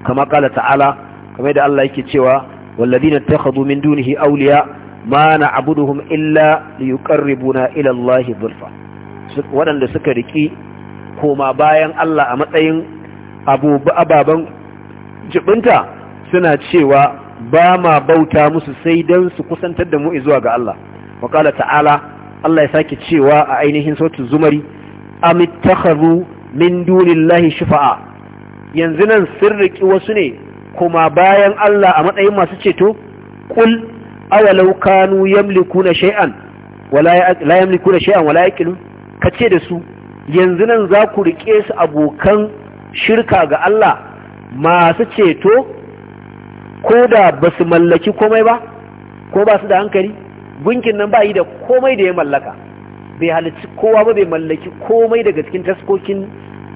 kama kala ta'ala kama da Allah yake cewa walladina takhadhu min dunihi awliya ma na'buduhum illa liyuqarribuna ila Allah zulfa waɗanda suka riki koma bayan Allah a matsayin ababen jibinta suna cewa ba ma bauta musu sai don su kusantar da mu zuwa ga Allah wa ta'ala Allah ya sake cewa a ainihin sautin zumari amittakharu min lahi shufa'a yanzu nan sun riƙi wasu ne kuma bayan Allah a matsayin masu ceto kul awalau kanu yamlikuna shay'an wala ya ƙilu, ka ce da su yanzu nan za ku riƙe su abokan shirka ga Allah masu ceto ko da ba su mallaki komai ba ko ba su da hankali gunkin nan ba yi da komai da ya mallaka bai halarci kowa ba bai mallaki komai daga cikin taskokin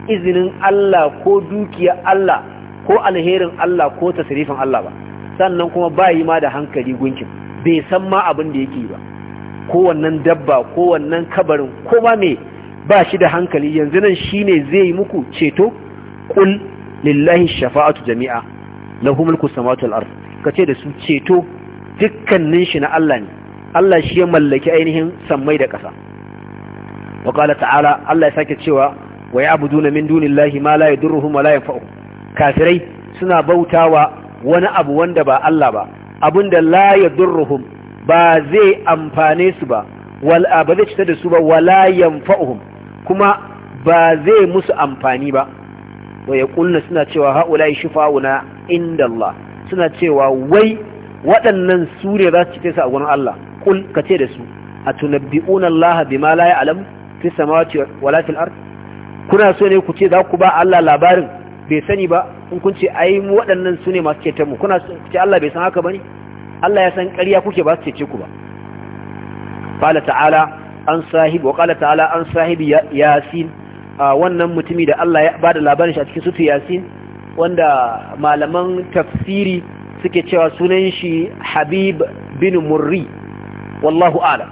izinin Allah ko dukiya Allah ko alherin Allah ko tasirifin Allah ba sannan kuma ba yi ma da hankali gunkin bai san ma abin da yake ba ko wannan dabba ko wannan kabarin ko ma me ba shi da hankali yanzu nan shine zai yi muku ceto qul lillahi shafa'atu jami'a lahu mulku samawati wal kace da su ceto dukkanin shi na Allah ne Allah shi ya mallaki ainihin sammai da ƙasa wa qala ta'ala Allah ya sake cewa wa ya'buduna min dunillahi ma la yadurruhum wa la yanfa'uhum kafirai suna bautawa wani abu wanda ba Allah ba abinda la yadurruhum ba zai amfane su ba wala ba zai cita da su ba wala yanfa'uhum kuma ba zai musu amfani ba Waya yaqulna suna cewa haula'i shifa'una inda Allah suna cewa wai waɗannan su ne za su cite su a gurin Allah kul ka ce da su A atunabbi'una Allah bima la ya'lam fi samawati wala fil ard kuna so ne ku ce za ku ba Allah labarin bai sani ba in kun ce ai waɗannan su ne masu ceton mu kuna ku ce Allah bai san haka bane Allah ya san ƙarya kuke ba su cece ku ba qala ta'ala an sahibi wa qala ta'ala an sahibi yasin a wannan mutumi da Allah ya bada labarin shi a cikin sutu yasin wanda malaman tafsiri suke cewa sunan shi habib bin murri wallahu alam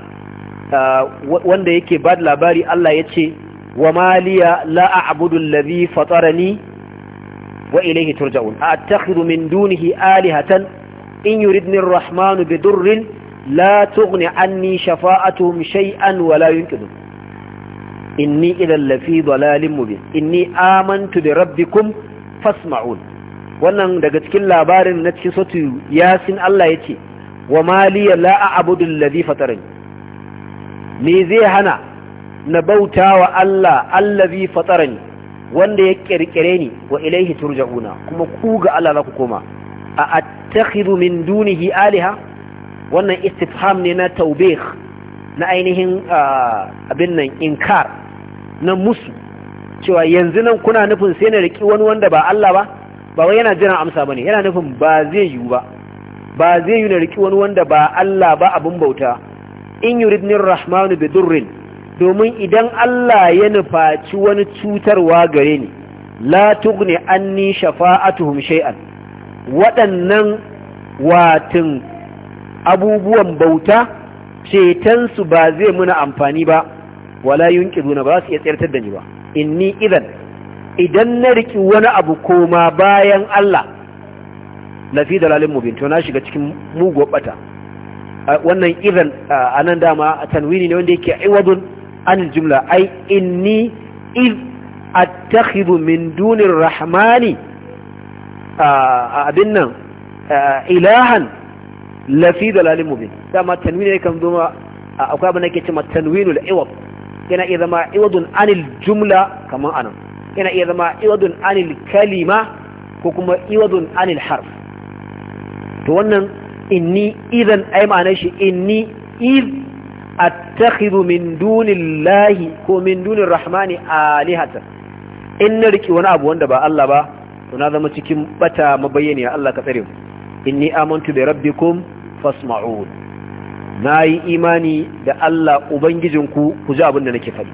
wanda yake bada labari Allah ya ce wa maliya la a'budu allazi fatarani wa ilayhi turja'un attakhidhu min dunihi alihatan in yuridni ar-rahmanu bidurrin la tughni anni shafa'atuhum shay'an wa la yunqidhun inni idan lafi dalalin mubin inni amantu bi rabbikum fasma'un wannan daga cikin labarin na cikin sotu yasin Allah ya ce wa maliya la a'budu alladhi fatarani me zai hana na bauta wa Allah allazi fatarani wanda ya kirkire ni wa ilaihi turja'una kuma ku ga Allah ku koma a attakhidhu min dunihi aliha wannan istifham ne na taubih na ainihin abin nan inkar na musu cewa yanzu nan kuna nufin sai na riki wani wanda ba Allah ba ba wai yana jiran amsa bane yana nufin ba zai yiwu ba ba zai yiwu na riki wani wanda ba Allah ba abin bauta in yuridnir rahmanu bidurrin domin idan Allah ya nufaci wani cutarwa gare ni la tughni anni shafa'atuhum shay'an waɗannan watin abubuwan bauta cetonsu ba zai muna amfani ba wala yunqiduna ba su iya tsirtar da ni ba inni idan idan na riki wani abu koma bayan Allah da dalalin mubin to na shiga cikin mugu bata wannan idan a nan dama a tanwini ne wanda yake aiwadun an jumla ai inni id attakhidhu min dunir rahmani abin nan ilahan lafi dalalin mubin dama tanwini ne kan zoma akwai abin da ke cewa tanwinul iwab yana iya zama iwadun anil jumla kamar anan yana iya zama iwadun anil kalima ko kuma iwadun anil harf to wannan inni idan ai ma'ana shi inni id attakhidhu min dunillahi ko min dunir rahmani alihata in na riki wani abu wanda ba Allah ba to na zama cikin bata mabayyani Allah ka tsare mu inni amantu bi rabbikum fasma'un nayi imani da Allah ubangijinku ku ji abin da nake faɗi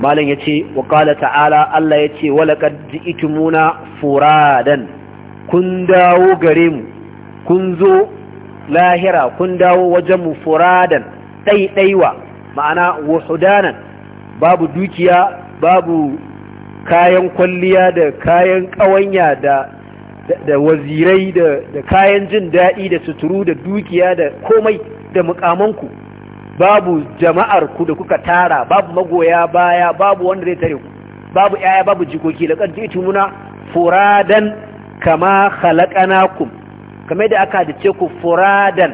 malam yace wa qala ta'ala Allah yace wa laqad ji'tumuna furadan kun dawo gare mu kun zo lahira kun dawo wajen mu furadan ɗaiɗaiwa ma'ana wuhudanan babu dukiya babu kayan kwalliya da kayan ƙawanya da da wazirai da kayan jin daɗi da suturu da dukiya da komai da mukamanku babu jama'ar ku da kuka tara babu magoya baya babu wanda zai tare ku babu yaya babu jikoki da laqad muna furadan kama khalaqnakum Kama da aka dace ku furadan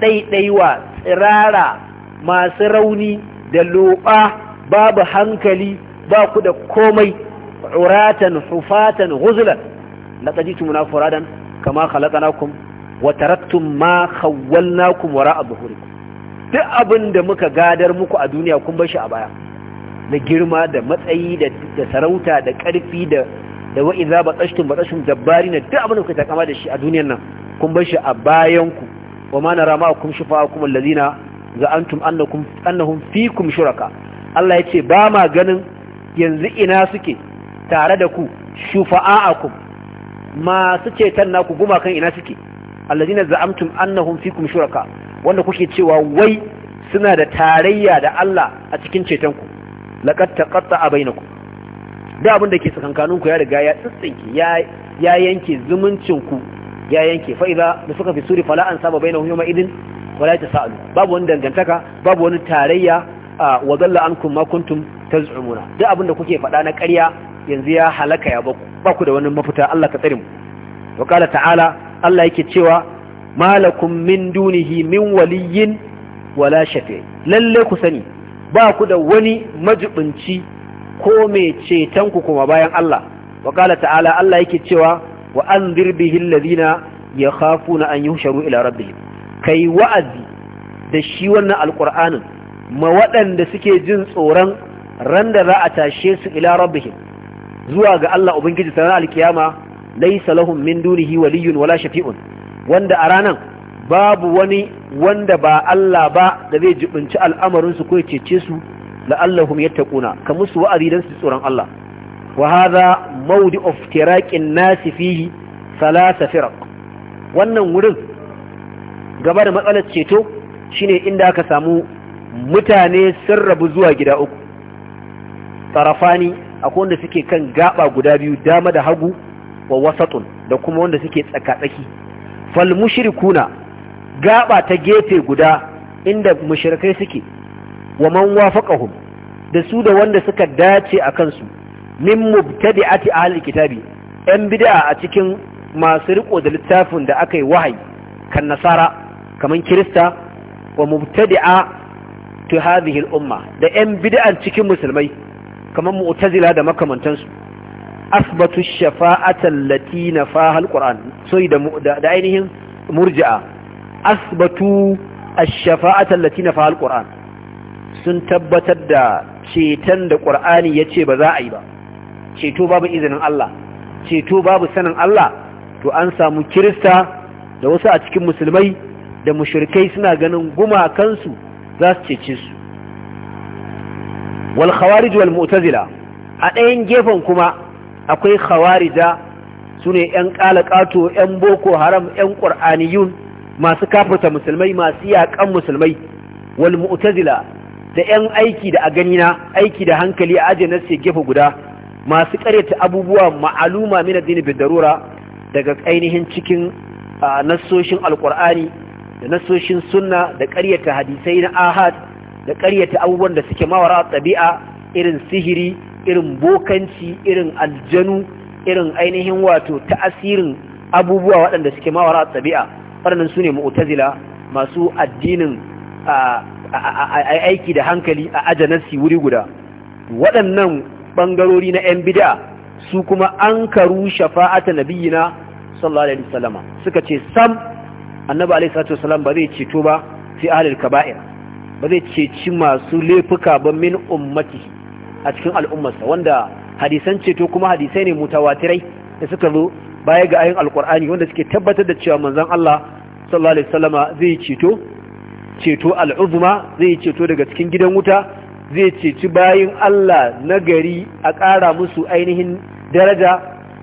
ɗaiɗaiwa tsirara masu rauni da loɓa babu hankali ba ku da komai uratan hufatan huzulan laqad jitumuna furadan kama khalaqnakum wa taraktum ma khawwalnakum wara'a dhuhurikum duk abin da muka gadar muku a duniya kun bar shi a baya na girma da matsayi da sarauta da ƙarfi da da wa idza batashtum batashtum dabbari na duk abin da kuka takama da shi a duniyar nan kun bar shi a bayan ku wa ma nara ma'akum shufa'akum allazina za'antum annakum annahum fikum shuraka Allah yace ba ma ganin yanzu ina suke tare da ku shufa'akum masu ceton naku gumakan ina suke na za'amtum annahum fikum shuraka wanda kuke cewa wai suna da tarayya da Allah a cikin ceton ku laqad taqatta bainakum da abin da ke tsakankanin ku ya riga ya tsitsinki ya ya yanke zumuncin ku ya yanke fa idza da suka fi suri fala an saba bainahum yawma idin wala tasalu babu wani dangantaka babu wani tarayya wa dalla ankum ma kuntum taz'umuna Da abin da kuke faɗa na ƙarya yanzu ya halaka ya baku ku da wani mafita Allah ka tsare mu wa ta'ala Allah yake cewa malakum min dunihi min waliyyin wala shafi lalle ku sani ba ku da wani majibinci ko mai ceton ku kuma bayan Allah wa ta'ala Allah yake cewa wa anzir bihi alladhina yakhafuna an yuhsharu ila rabbihim kai wa'azi da shi wannan alqur'anin ma waɗanda suke jin tsoron ran da za a tashe su ila rabbihim zuwa ga Allah ubangiji sanar alkiyama laisa lahum min dunihi waliyun wala shafi'un wanda a ranan babu wani wanda ba Allah ba da zai jibinci al'amarin su ko ya cece su Allahum yattaquna ka musu wa'azi dan su tsoron Allah wa hadha of tiraqin nasi fihi thalatha firaq wannan wurin gaba da matsalar ceto shine inda aka samu mutane sun rabu zuwa gida uku tarafani akwai wanda suke kan gaba guda biyu dama da hagu wa wasatun da kuma wanda suke tsakatsaki fal mushrikuna gaba ta gefe guda inda mushrikai suke wa man wafaqahum da su da wanda suka dace a kansu min mubtadi'ati ahli kitabi yan bid'a a cikin masu riko da littafin da aka yi wahayi kan nasara kaman kirista wa mubtadi'a to hadhihi al-umma da yan bid'a cikin musulmai kamar mu'tazila da makamantansu asbatu shafa'ata allati nafaha alquran sai da da ainihin murji'a asbatu ash-shafa'ata allati nafaha alquran sun tabbatar da cetan da qur'ani yace ba za a yi ba ceto babu izinin Allah ceto babu sanin Allah to an samu kirista da wasu a cikin musulmai da mushrikai suna ganin gumakansu za su cece su wal khawarij wal mu'tazila a ɗayan gefen kuma akwai khawarija sune yan kalakato yan boko haram yan qur'aniyun masu kafirta musulmai masu yaƙan musulmai wal mu'tazila da yan aiki da a ganina aiki da hankali a aje nasu gefe guda masu karyata abubuwa ma'aluma min addini darura daga ainihin cikin nassoshin Alƙur'ani da nasoshin sunna da ƙaryata hadisai na ahad da ƙaryata abubuwan da suke mawara ɗabi'a irin sihiri irin bokanci irin aljanu irin ainihin wato ta'asirin abubuwa waɗanda suke mawara ɗabi'a waɗannan su ne mu'tazila masu addinin aiki da hankali a ajanarsi wuri guda waɗannan ɓangarori na 'yan bida su kuma an karu shafa'ata nabiyina sallallahu alaihi wasallama suka ce sam annabi alaihi salatu wasallam ba zai ceto ba fi ahlil kaba'ir ba zai ceci masu laifuka ba min ummati a cikin al'ummarsa wanda hadisan ceto kuma hadisai ne mutawatirai da suka zo baya ga ayin alkur'ani wanda suke tabbatar da cewa manzon Allah sallallahu alaihi wasallama zai ceto ceto al'uzma zai ceto daga cikin gidan wuta zai ceci bayin Allah nagari a ƙara musu ainihin daraja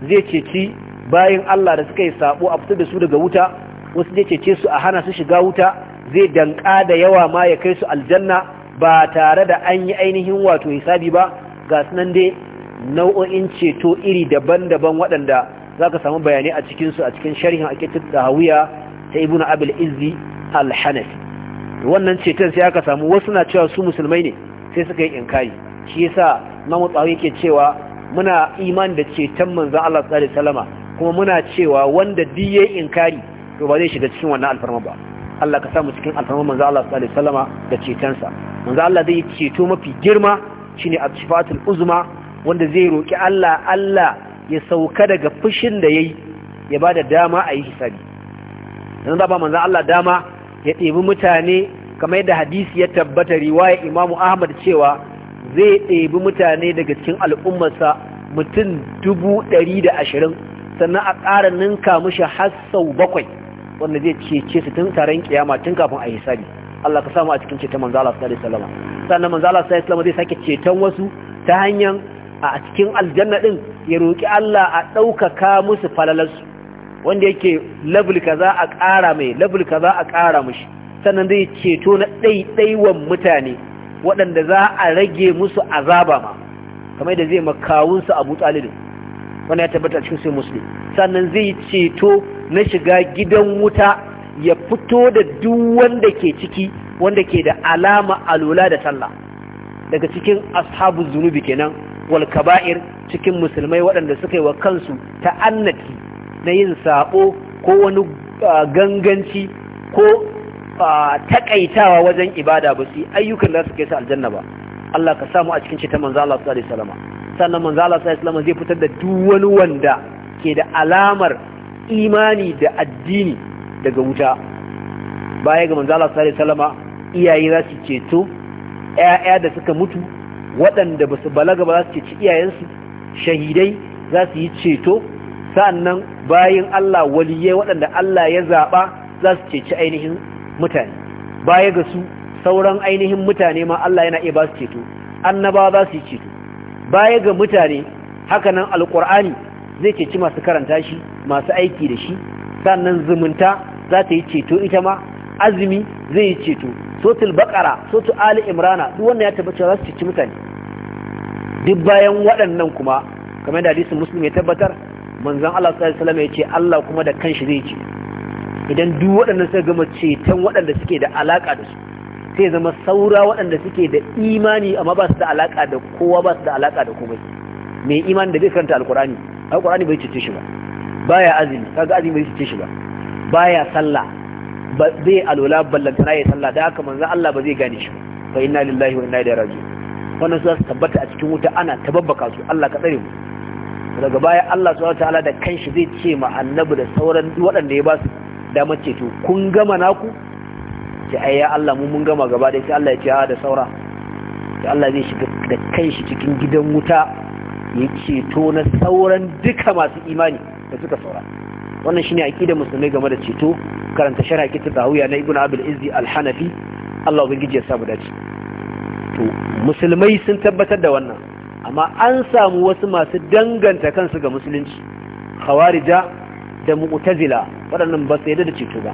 zai ceci bayin Allah da suka yi sabo a fitar da su daga wuta wasu zai cece su a hana su shiga wuta zai danƙa da yawa ma ya kai su aljanna ba tare da an yi ainihin wato hisabi ba ga sunan dai nau'o'in ceto iri daban-daban waɗanda za ka samu bayanai a cikinsu a cikin sharhin akitar da hawiya ta ibn abil izzi alhanafi wannan ceton sai aka samu wasu na cewa su musulmai ne sai suka yi inkari shi yasa mamu tsawo yake cewa muna iman da ceton manzon Allah tsari salama kuma muna cewa wanda duk yayi inkari to ba zai shiga cikin wannan alfarma ba Allah ka samu cikin alfarmar manzo Allah sallallahu alaihi wasallama da cetonsa manzo Allah zai ceto mafi girma shine atshifatul uzma wanda zai roki Allah Allah ya sauka daga fushin da yayi ya bada dama a yi hisabi dan da ba manzo Allah dama ya ɗebi mutane kamar da hadisi ya tabbata riwaya Imam Ahmad cewa zai ɗebi mutane daga cikin al'ummarsa mutum dubu ɗari da ashirin sannan a ƙara ninka mushi har sau bakwai wanda zai cece su tun taron kiyama tun kafin a hisabi Allah ka samu a cikin ceton manzo Allah sallallahu alaihi wasallam sannan manzo Allah sallallahu alaihi wasallam zai sake ceton wasu ta hanyar a cikin aljanna din ya roki Allah a ɗaukaka musu su wanda yake level kaza a ƙara mai level kaza a ƙara mushi sannan zai ceto na ɗaiɗaiwan mutane waɗanda za a rage musu azaba ma kamar da zai makawunsu abu talibin wani ya tabbata cikin sai Musulmi sannan zai ceto na shiga gidan wuta ya fito da duk wanda ke ciki wanda ke da alama alula da sallah daga cikin ashabu zunubi kenan wal kaba'ir cikin musulmai waɗanda suka yi wa kansu ta'annati na yin sabo ko wani ganganci ko takaitawa wajen ibada ba su ayyukan da suka yi aljanna ba Allah ka samu a cikin ce ta manzo Allah sallallahu alaihi wasallam sannan manzala Allah sallallahu zai fitar da duk wani wanda ke da alamar imani da addini daga wuta baya ga manzala Allah salama iyaye za su ceto 'ya'ya da suka mutu waɗanda ba su balaga ba za su ceci iyayensu shahidai za su yi ceto sannan bayin Allah waliyai waɗanda Allah ya zaɓa za su ceci ainihin mutane baya ga su sauran ainihin mutane ma Allah yana iya ba su ceto annaba za su yi ceto baya ga mutane hakanan alkur'ani zai ceci masu karanta shi masu aiki da shi sannan zumunta za ta yi ceto ita ma azumi zai yi ceto sotul bakara sotul ali imrana duk wannan ya tabbata za su ceci mutane duk bayan waɗannan kuma kamar da hadisin muslim ya tabbatar manzon Allah sallallahu alaihi ya ce Allah kuma da kanshi zai ce idan duk waɗannan suka gama ceton waɗanda suke da alaka da su sai zama saura waɗanda suke da imani amma ba su da alaka da kowa ba su da alaka da komai mai imani da bai karanta Alƙurani? Alƙurani bai cece shi ba baya azumi kaga azumi bai cece shi ba baya sallah ba zai alwala ballantana ya sallah da haka manzo Allah ba zai gane shi fa inna lillahi wa inna ilaihi raji'un wannan su tabbata a cikin wuta ana tababbaka su Allah ka tsare mu daga baya Allah subhanahu wataala da kanshi zai ce ma annabi da sauran waɗanda ya ba su damar ceto kun gama naku ce ai ya Allah mu mun gama gaba da sai Allah ya ce ha ah, da saura sai Allah zai shiga da kanshi cikin gidan wuta ya ceto na sauran duka masu imani da suka saura wannan shine aqidar musulmai game da ceto karanta sharhi ta tahawiya na ibnu abul izzi al-hanafi Allah ubangiji ya samu dace to musulmai sun tabbatar da wannan amma an samu wasu masu danganta kansu ga musulunci khawarija da mu'tazila waɗannan ba su da ceto ba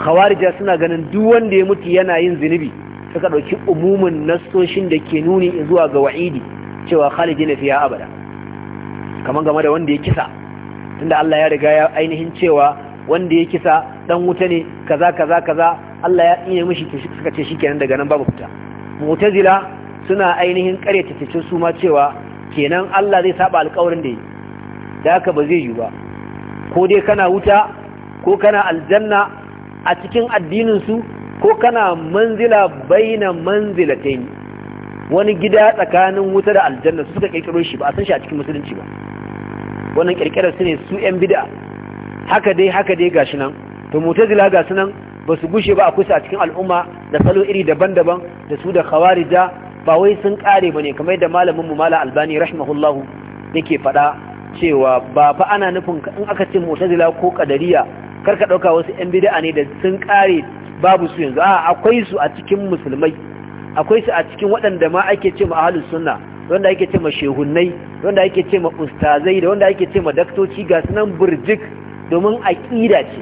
khawarija suna ganin duk wanda ya mutu yana yin zunubi suka ɗauki umumin nasoshin da ke nuni zuwa ga wa'idi cewa khalidi na fiya abada kamar game da wanda ya kisa tunda Allah ya riga ya ainihin cewa wanda ya kisa dan wuta ne kaza kaza kaza Allah ya iya mishi suka ce shikenan daga nan babu fita mu'tazila suna ainihin kare tace su ma cewa kenan Allah zai saba alƙawarin da yi da haka ba zai yi ba ko dai kana wuta ko kana aljanna a cikin addininsu ko kana manzila baina manzilatain wani gida tsakanin wuta da aljanna suka kirkiro shi ba a san shi a cikin musulunci ba wannan kirkirar su ne su yan bid'a haka dai haka dai gashi nan to mutazila ga sunan ba su gushe ba a kusa a cikin al'umma da salo iri daban-daban da su da khawarija ba wai sun kare ba ne kamar da malamin mu mala albani rahimahullahu yake faɗa cewa ba fa ana nufin in aka ce mutazila ko kadariya karka ɗauka wasu 'yan bid'a ne da sun ƙare babu su yanzu a akwai su a cikin musulmai akwai su a cikin waɗanda ma ake ce ma ahalus sunna wanda ake ce ma shehunnai wanda ake ce ma ustazai da wanda ake ce ma daktoci ga sunan burjik domin aƙida ce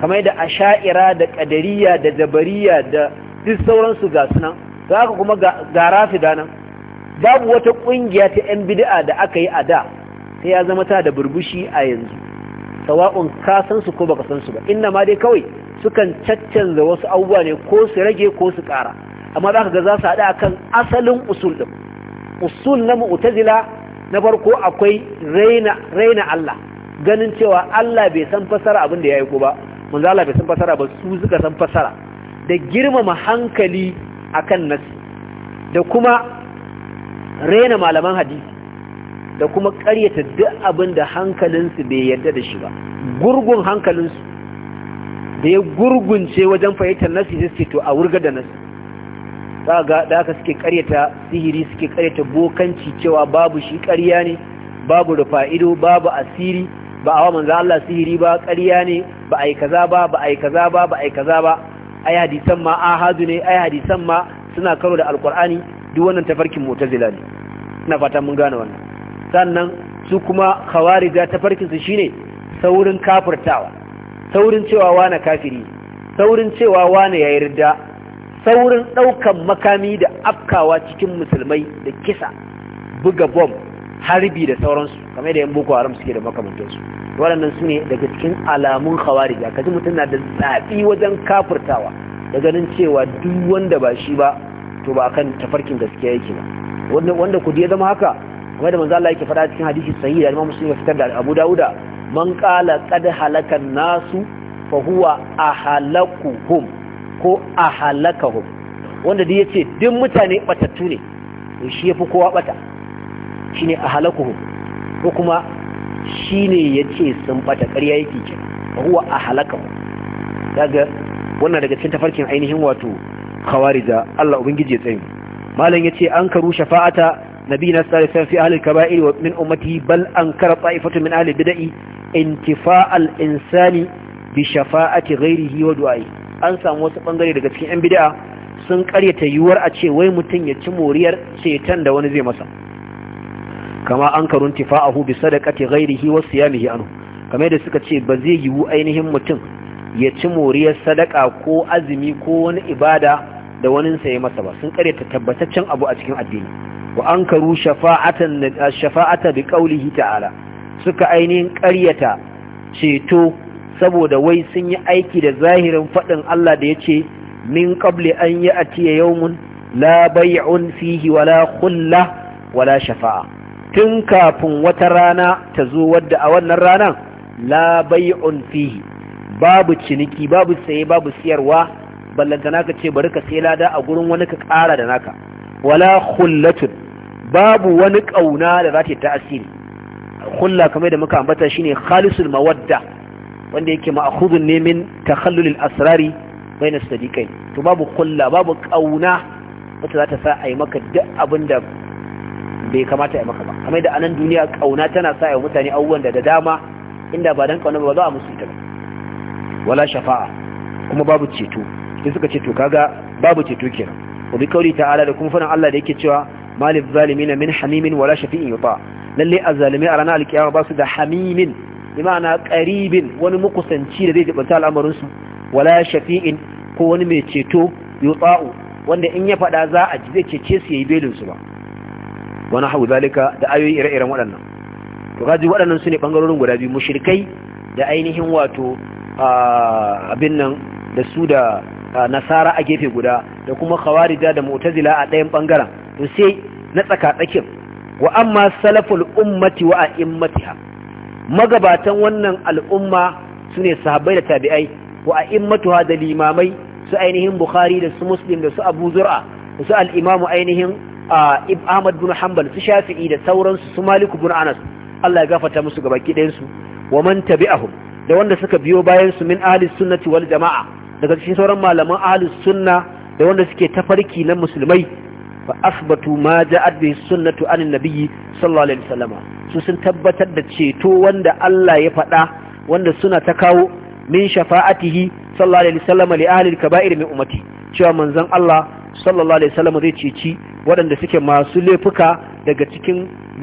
kamar da asha'ira da ƙadariya da jabariya da duk sauransu ga sunan to haka kuma ga rafida nan babu wata ƙungiya ta 'yan bid'a da aka yi a da sai ya zama ta da burbushi a yanzu sawa'un ka san su ko baka san su ba inna ma dai kawai sukan caccanza wasu abubuwa ne ko su rage ko su ƙara amma za ka ga za su hada akan asalin usul ɗin usul na mu'tazila na farko akwai raina raina Allah ganin cewa Allah bai san fasara abin da ya ko ba manzo Allah bai san fasara ba su suka san fasara da girmama hankali akan nasi da kuma raina malaman hadisi da kuma ƙaryata duk abin da hankalinsu bai yarda da shi ba gurgun hankalinsu da ya gurgunce wajen fahimtar nasi sai yi to a wurga da nasi za ga da haka suke ƙaryata sihiri suke ƙaryata bokanci cewa babu shi ƙarya ne babu rufa ido babu asiri ba a wa manzo Allah sihiri ba ƙarya ne ba ai kaza ba ba ai kaza ba ba ai kaza ba ai hadisan ma ahadu ne ai hadisan ma suna karo da alqur'ani duk wannan tafarkin mu'tazila ne ina fata mun gane wannan sannan su kuma khawarija ta farkinsu shine saurin kafirtawa saurin cewa wane kafiri saurin cewa wane ya yarda saurin ɗaukan makami da afkawa cikin musulmai da kisa buga bom harbi da sauransu kamar da yan boko haram suke da makamantansu waɗannan su ne daga cikin alamun khawarija kaji mutum na da zaɓi wajen kafirtawa da ganin cewa duk wanda ba shi ba to ba akan tafarkin gaskiya yake ba wanda wanda ku ya zama haka Kuma da manzo Allah yake faɗa cikin hadisi sahihi da Imam Muslim ya fitar da Abu Dawuda man qala qad halakan nasu fa huwa ahalakuhum ko ahlakahum wanda dai yace duk mutane batattu ne shi yafi kowa bata shine ahalakuhum ko kuma shine yace sun bata ƙarya yake ce fa huwa ahlakahum daga wannan daga cikin tafarkin ainihin wato khawarija Allah ubangiji ya tsaye malam yace an karu shafa'ata نبينا صلى الله عليه وسلم في أهل الكبائر ومن أمته بل أنكر طائفة من أهل البدع انتفاء الإنسان بشفاعة غيره ودعائه an samu wasu bangare daga cikin 'yan bid'a sun karyata yiwuwar a ce wai mutum ya ci moriyar ceton da wani zai masa kama an karun tifa'ahu bi sadaqati ghairihi wa siyamihi anhu kamar da suka ce ba zai yiwu ainihin mutum ya ci moriyar sadaka ko azumi ko wani ibada da wani sai masa ba sun karyata tabbataccen abu a cikin addini wa ankaru shafa'atan shafa'ata bi qawlihi ta'ala suka ainihin ƙaryata ceto saboda wai sun yi aiki da zahirin faɗin Allah da yace min qabli an ya'tiya yawmun la bay'un fihi wala khullah wala shafa'a tun kafin wata rana ta zo wadda a wannan ranan la bay'un fihi babu ciniki babu saye babu siyarwa ballantana ka ce bari ka sai lada a gurin wani ka ƙara da naka wala khullatun babu wani kauna da za ta ta'asiri khulla kamar da muka ambata shine khalisul mawadda wanda yake ma'khudun ne min takhallulil asrari baina sadiqai to babu khulla babu kauna wacce za ta sa a yi maka duk abin da bai kamata a yi maka ba kamar da anan duniya kauna tana sa a yi mutane abubuwan da dama inda ba dan kauna ba za a musu ita ba wala shafa'a kuma babu ceto sai suka ce to kaga babu ceto kenan wa bi kauli ta'ala da kuma faɗin Allah da yake cewa malil na min hamimin wala shafi'in yuta lalle azzalimi a ranar alkiyama ba su da hamimin imana karibin wani mukusanci da zai jibanta al'amarin su wala shafi'in ko wani mai ceto yuta'u wanda in ya faɗa za a ji zai cece su yayi belin su ba wani hau zalika da ayoyi ire-iren waɗannan to kaji waɗannan su ne ɓangarorin guda biyu mushrikai da ainihin wato ah, abin nan da su da nasara a gefe guda da kuma khawarija da mu'tazila a ɗayan bangaren to sai na tsaka tsakin wa amma salaful ummati wa a'immatiha magabatan wannan al'umma sune sahabbai da tabi'ai wa a'immatuha da limamai su ainihin bukhari da su muslim da su abu zur'a da su al ainihin ibn ahmad bin hanbal su shafi'i da sauransu su malik bin anas Allah ya gafarta musu gabaki ɗayan su wa man tabi'ahum da wanda suka biyo bayan su min ahli sunnati wal jama'a daga cikin sauran malaman ahlus sunna da wanda suke tafarki na musulmai fa asbatu ma ja'at bi sunnatu an nabiyyi sallallahu alaihi wasallam su sun tabbatar da ceto wanda Allah ya faɗa wanda suna ta kawo min shafa'atihi sallallahu alaihi wasallam li ahli al-kaba'ir min ummati cewa manzon Allah sallallahu alaihi wasallam zai ceci waɗanda suke masu laifuka daga cikin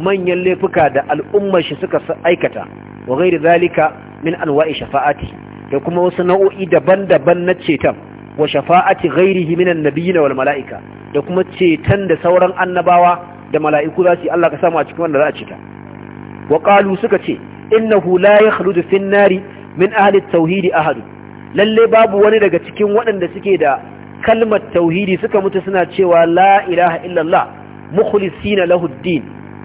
manyan laifuka da al'ummar shi suka aikata wa ghairi zalika min anwa'i shafa'atihi da kuma wasu nau'o'i daban-daban na ceton wa shafa'ati ghairihi minan nabiyina wal mala'ika da kuma ceton da sauran annabawa da mala'iku za su yi Allah ka samu a cikin wanda za a cika wa qalu suka ce innahu la yakhludu fin nari min ahli tauhidi ahadu lalle babu wani daga cikin waɗanda suke da kalmar tauhidi suka mutu suna cewa la ilaha illallah mukhlisina lahu din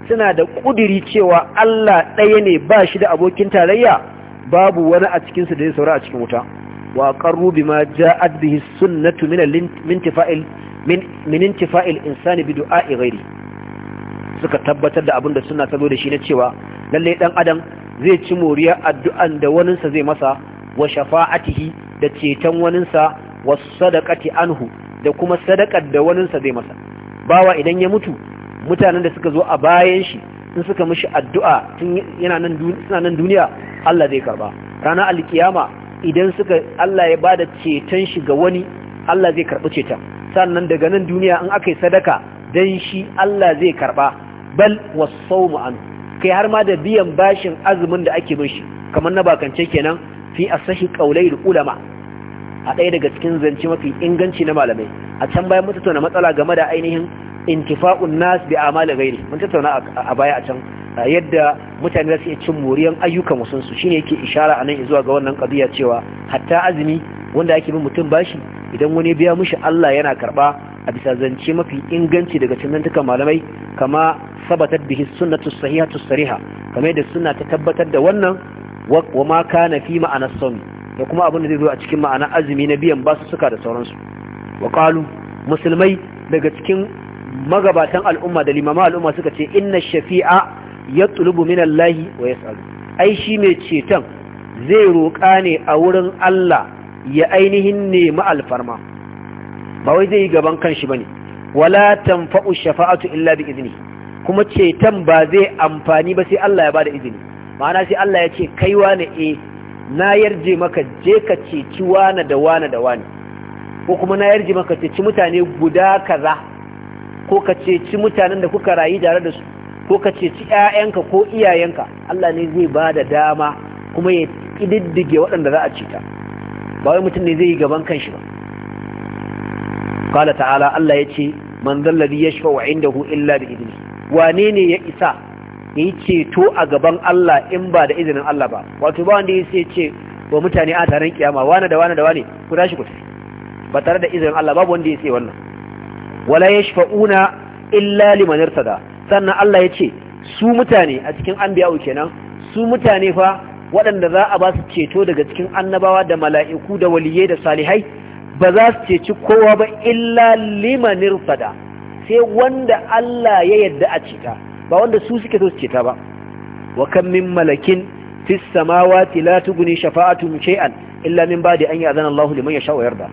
suna da kudiri cewa Allah ɗaya ne ba shi da abokin tarayya babu wani a cikin su da ya saura a cikin wuta wa qarru bima ja'at bihi sunnatu min al-intifa'il min intifa'il insani bi du'a'i ghairi suka tabbatar da abin da sunna ta zo da shi na cewa lalle dan adam zai ci moriya addu'an da sa zai masa wa shafa'atihi da ceton sa wa sadaqati anhu da kuma sadaqar da sa zai masa bawa idan ya mutu mutanen da suka zo a bayan shi in suka mishi addu'a tun yana nan duniya Allah zai karba rana alkiyama idan suka Allah ya bada ceton shi ga wani Allah zai karbi ceton sannan daga nan duniya in aka yi sadaka dan shi Allah zai karba bal wasawmu an kai har ma da biyan bashin azumin da ake bin shi kamar na bakance kenan fi asahi qaulai ulama a ɗaya daga cikin zance mafi inganci na malamai a can bayan mun tattauna matsala game da ainihin intifa'un nas bi amali ghairi mun tattauna a baya a can yadda mutane za su iya cin moriyan ayyukan wasansu shine yake ishara a nan zuwa ga wannan kadiya cewa hatta azumi wanda ake bin mutum bashi idan wani biya mishi Allah yana karɓa a bisa zance mafi inganci daga cikin malamai kama sabatar bihi sunnatu sahihatu sariha kamar yadda sunna ta tabbatar da wannan wa ma kana fi ma'ana sawmi da kuma abin da zai zo a cikin ma'ana azumi na biyan basu suka da sauransu wa qalu musulmai daga cikin magabatan al'umma da limama al'umma suka ce inna shafi'a ya tulubu min Allah wa ya ai shi mai ceton zai roƙa ne a wurin Allah ya ainihin nemi alfarma ba wai zai yi gaban kanshi ba ne wala tanfa'u shafa'atu illa bi izini kuma ceton ba zai amfani ba sai Allah ya bada izini ma'ana sai Allah ya ce kai wane eh na yarje maka je ka ceci wane da wane da wane ko kuma na yarje maka ceci mutane guda kaza ko ka ceci mutanen da kuka rayu tare da su ko ka ceci 'ya'yanka ko iyayenka Allah ne zai ba da dama kuma ya ƙididdige waɗanda za a cita ba wai mutum ne zai yi gaban kanshi ba kala ta'ala Allah ya ce man zalladhi yashfa'u hu illa da izini. wane ne ya isa ya yi ceto a gaban Allah in ba da izinin Allah ba wato ba wanda sai ce wa mutane a taron kiyama wane da wane da wane ku tashi ku tafi ba tare da izinin Allah babu wanda yace wannan wala yashfa'una illa liman irtada sannan Allah ya ce su mutane a cikin anbiya'u kenan su mutane fa waɗanda za a ba su ceto daga cikin annabawa da mala'iku da waliyai da salihai ba za su ceci kowa ba illa limanir fada sai wanda Allah ya yadda a ceta ba wanda su suke so su ceta ba wa kan min malakin fi samawati la shafa'atu shafa'atuhum shay'an illa min ba'di an ya'zana Allah liman yasha wa yarda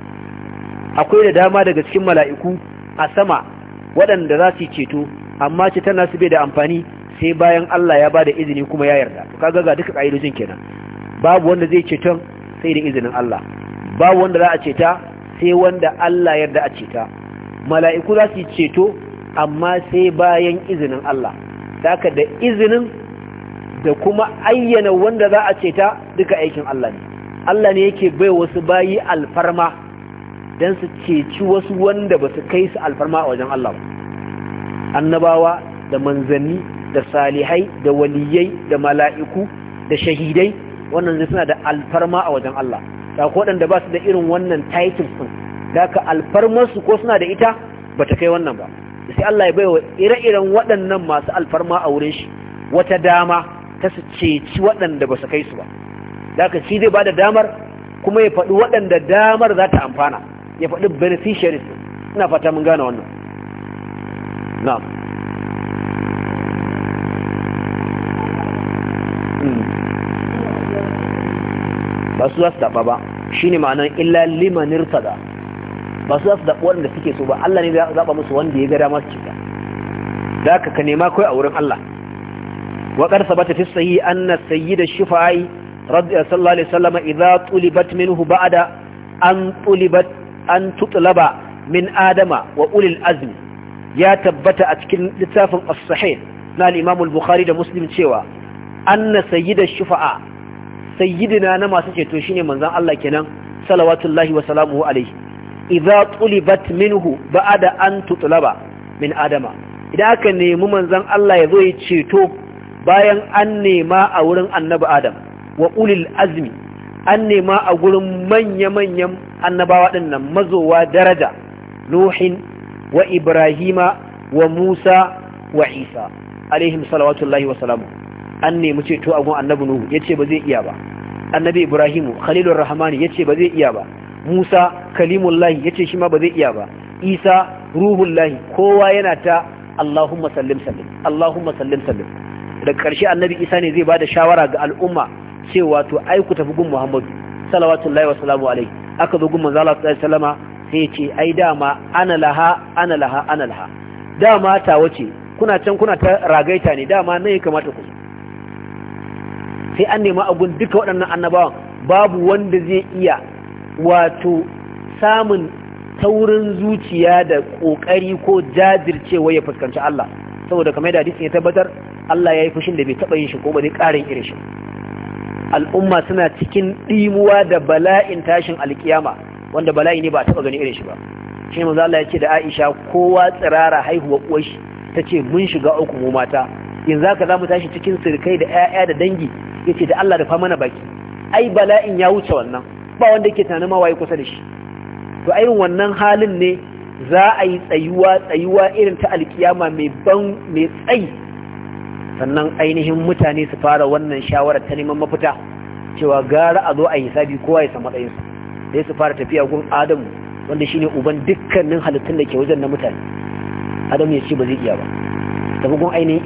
akwai da dama daga cikin mala'iku a sama waɗanda za su ceto amma ce tana su bai da amfani sai bayan Allah ya bada izini kuma ya yarda kaga ga duka kaidojin kenan babu wanda zai ceton sai da izinin Allah babu wanda za a ceta sai wanda Allah yarda a ceta mala'iku za su ceto amma sai bayan izinin Allah saka da izinin da kuma ayyana wanda za a ceta duka aikin Allah ne Allah ne yake bai wasu bayi alfarma don su ceci wasu wanda ba su kai su alfarma a wajen Allah ba Hmm. annabawa da manzanni da salihai da waliyai da mala'iku da shahidai wannan zai suna da alfarma a wajen Allah da waɗanda ba su da irin wannan title sun da ka alfarmarsu ko suna da ita ba ta kai wannan ba sai Allah ya baiwa ire-iren waɗannan masu alfarma a wurin shi wata dama ta su ceci waɗanda ba su kai su ba da ka ci zai ba da damar kuma ya faɗi waɗanda damar za ta amfana ya faɗi beneficiaries ina fata mun gane wannan نعم ba su zasu su ba shi ne ma'anar illa limanir tada ba su zasu su zaɓa waɗanda suke so ba Allah ne ya zaɓa musu wanda ya ga dama su cika da ka ka nema kai a wurin Allah wa qad sabata fi sahih anna sayyid ash-shifa'i sallallahu alaihi wasallam idza tulibat minhu ba'da an tulibat an tutlaba min adama wa ulil azmi ya tabbata a cikin littafin as-sahih na al-imam al-bukhari da muslim cewa anna sayyidash shufa'a sayyidina na masu ceto shine manzon Allah kenan salawatullahi wa salamuhu alayhi idza tulibat minhu ba'da an tutlaba min adama idan aka nemi manzon Allah ya zo ya ceto bayan an nema a wurin annabi adam wa ulil azmi an nema a gurin manya-manyan annabawa dinnan mazowa daraja nuhin wa ibrahima wa musa wa isa alaihim Allahi wa salamu an nemi ceto to gun annabi nuhu ce ba zai iya ba annabi ibrahimu khalilur rahmani ce ba zai iya ba musa kalimullahi ce shi ma ba zai iya ba isa ruhullahi kowa yana ta allahumma sallim sallim allahumma sallim sallim da karshe annabi isa ne zai bada shawara ga al'umma cewa to aiku tafi gun muhammadu Salawatu Allahi wa salamu alaihi aka zo gun manzo Allah sallallahu alaihi wasallama sai ce ai dama ana laha ana laha ana laha dama ta wace kuna can kuna ta ragaita ne dama nan ya kamata ku sai an nema abun duka waɗannan annabawan babu wanda zai iya wato samun taurin zuciya da ƙoƙari ko jajircewa ya fuskanci Allah saboda kamar da hadisin ya tabbatar Allah ya yi fushin da bai taɓa yin shi ko ba zai ƙarin irin shi al'umma suna cikin ɗimuwa da bala'in tashin alƙiyama. wanda bala'i ne ba taba gani irin shi ba shi manzo Allah ya ce da Aisha kowa tsirara haihuwa uwar shi tace mun shiga uku mu mata yanzu haka zamu tashi cikin sirkai da 'ya'ya da dangi yace da Allah da fa mana baki ai bala'in ya wuce wannan ba wanda yake tunanin ma waye kusa da shi to irin wannan halin ne za a yi tsayuwa tsayuwa irin ta alkiyama mai ban mai tsayi sannan ainihin mutane su fara wannan shawarar ta neman mafita cewa gara a zo a hisabi kowa ya samu ɗayinsa da su fara tafiya gun adamu wanda shi ne uban dukkanin halittun da ke wajen na mutane adamu ya ce ba zai iya ba tafi gun ainihin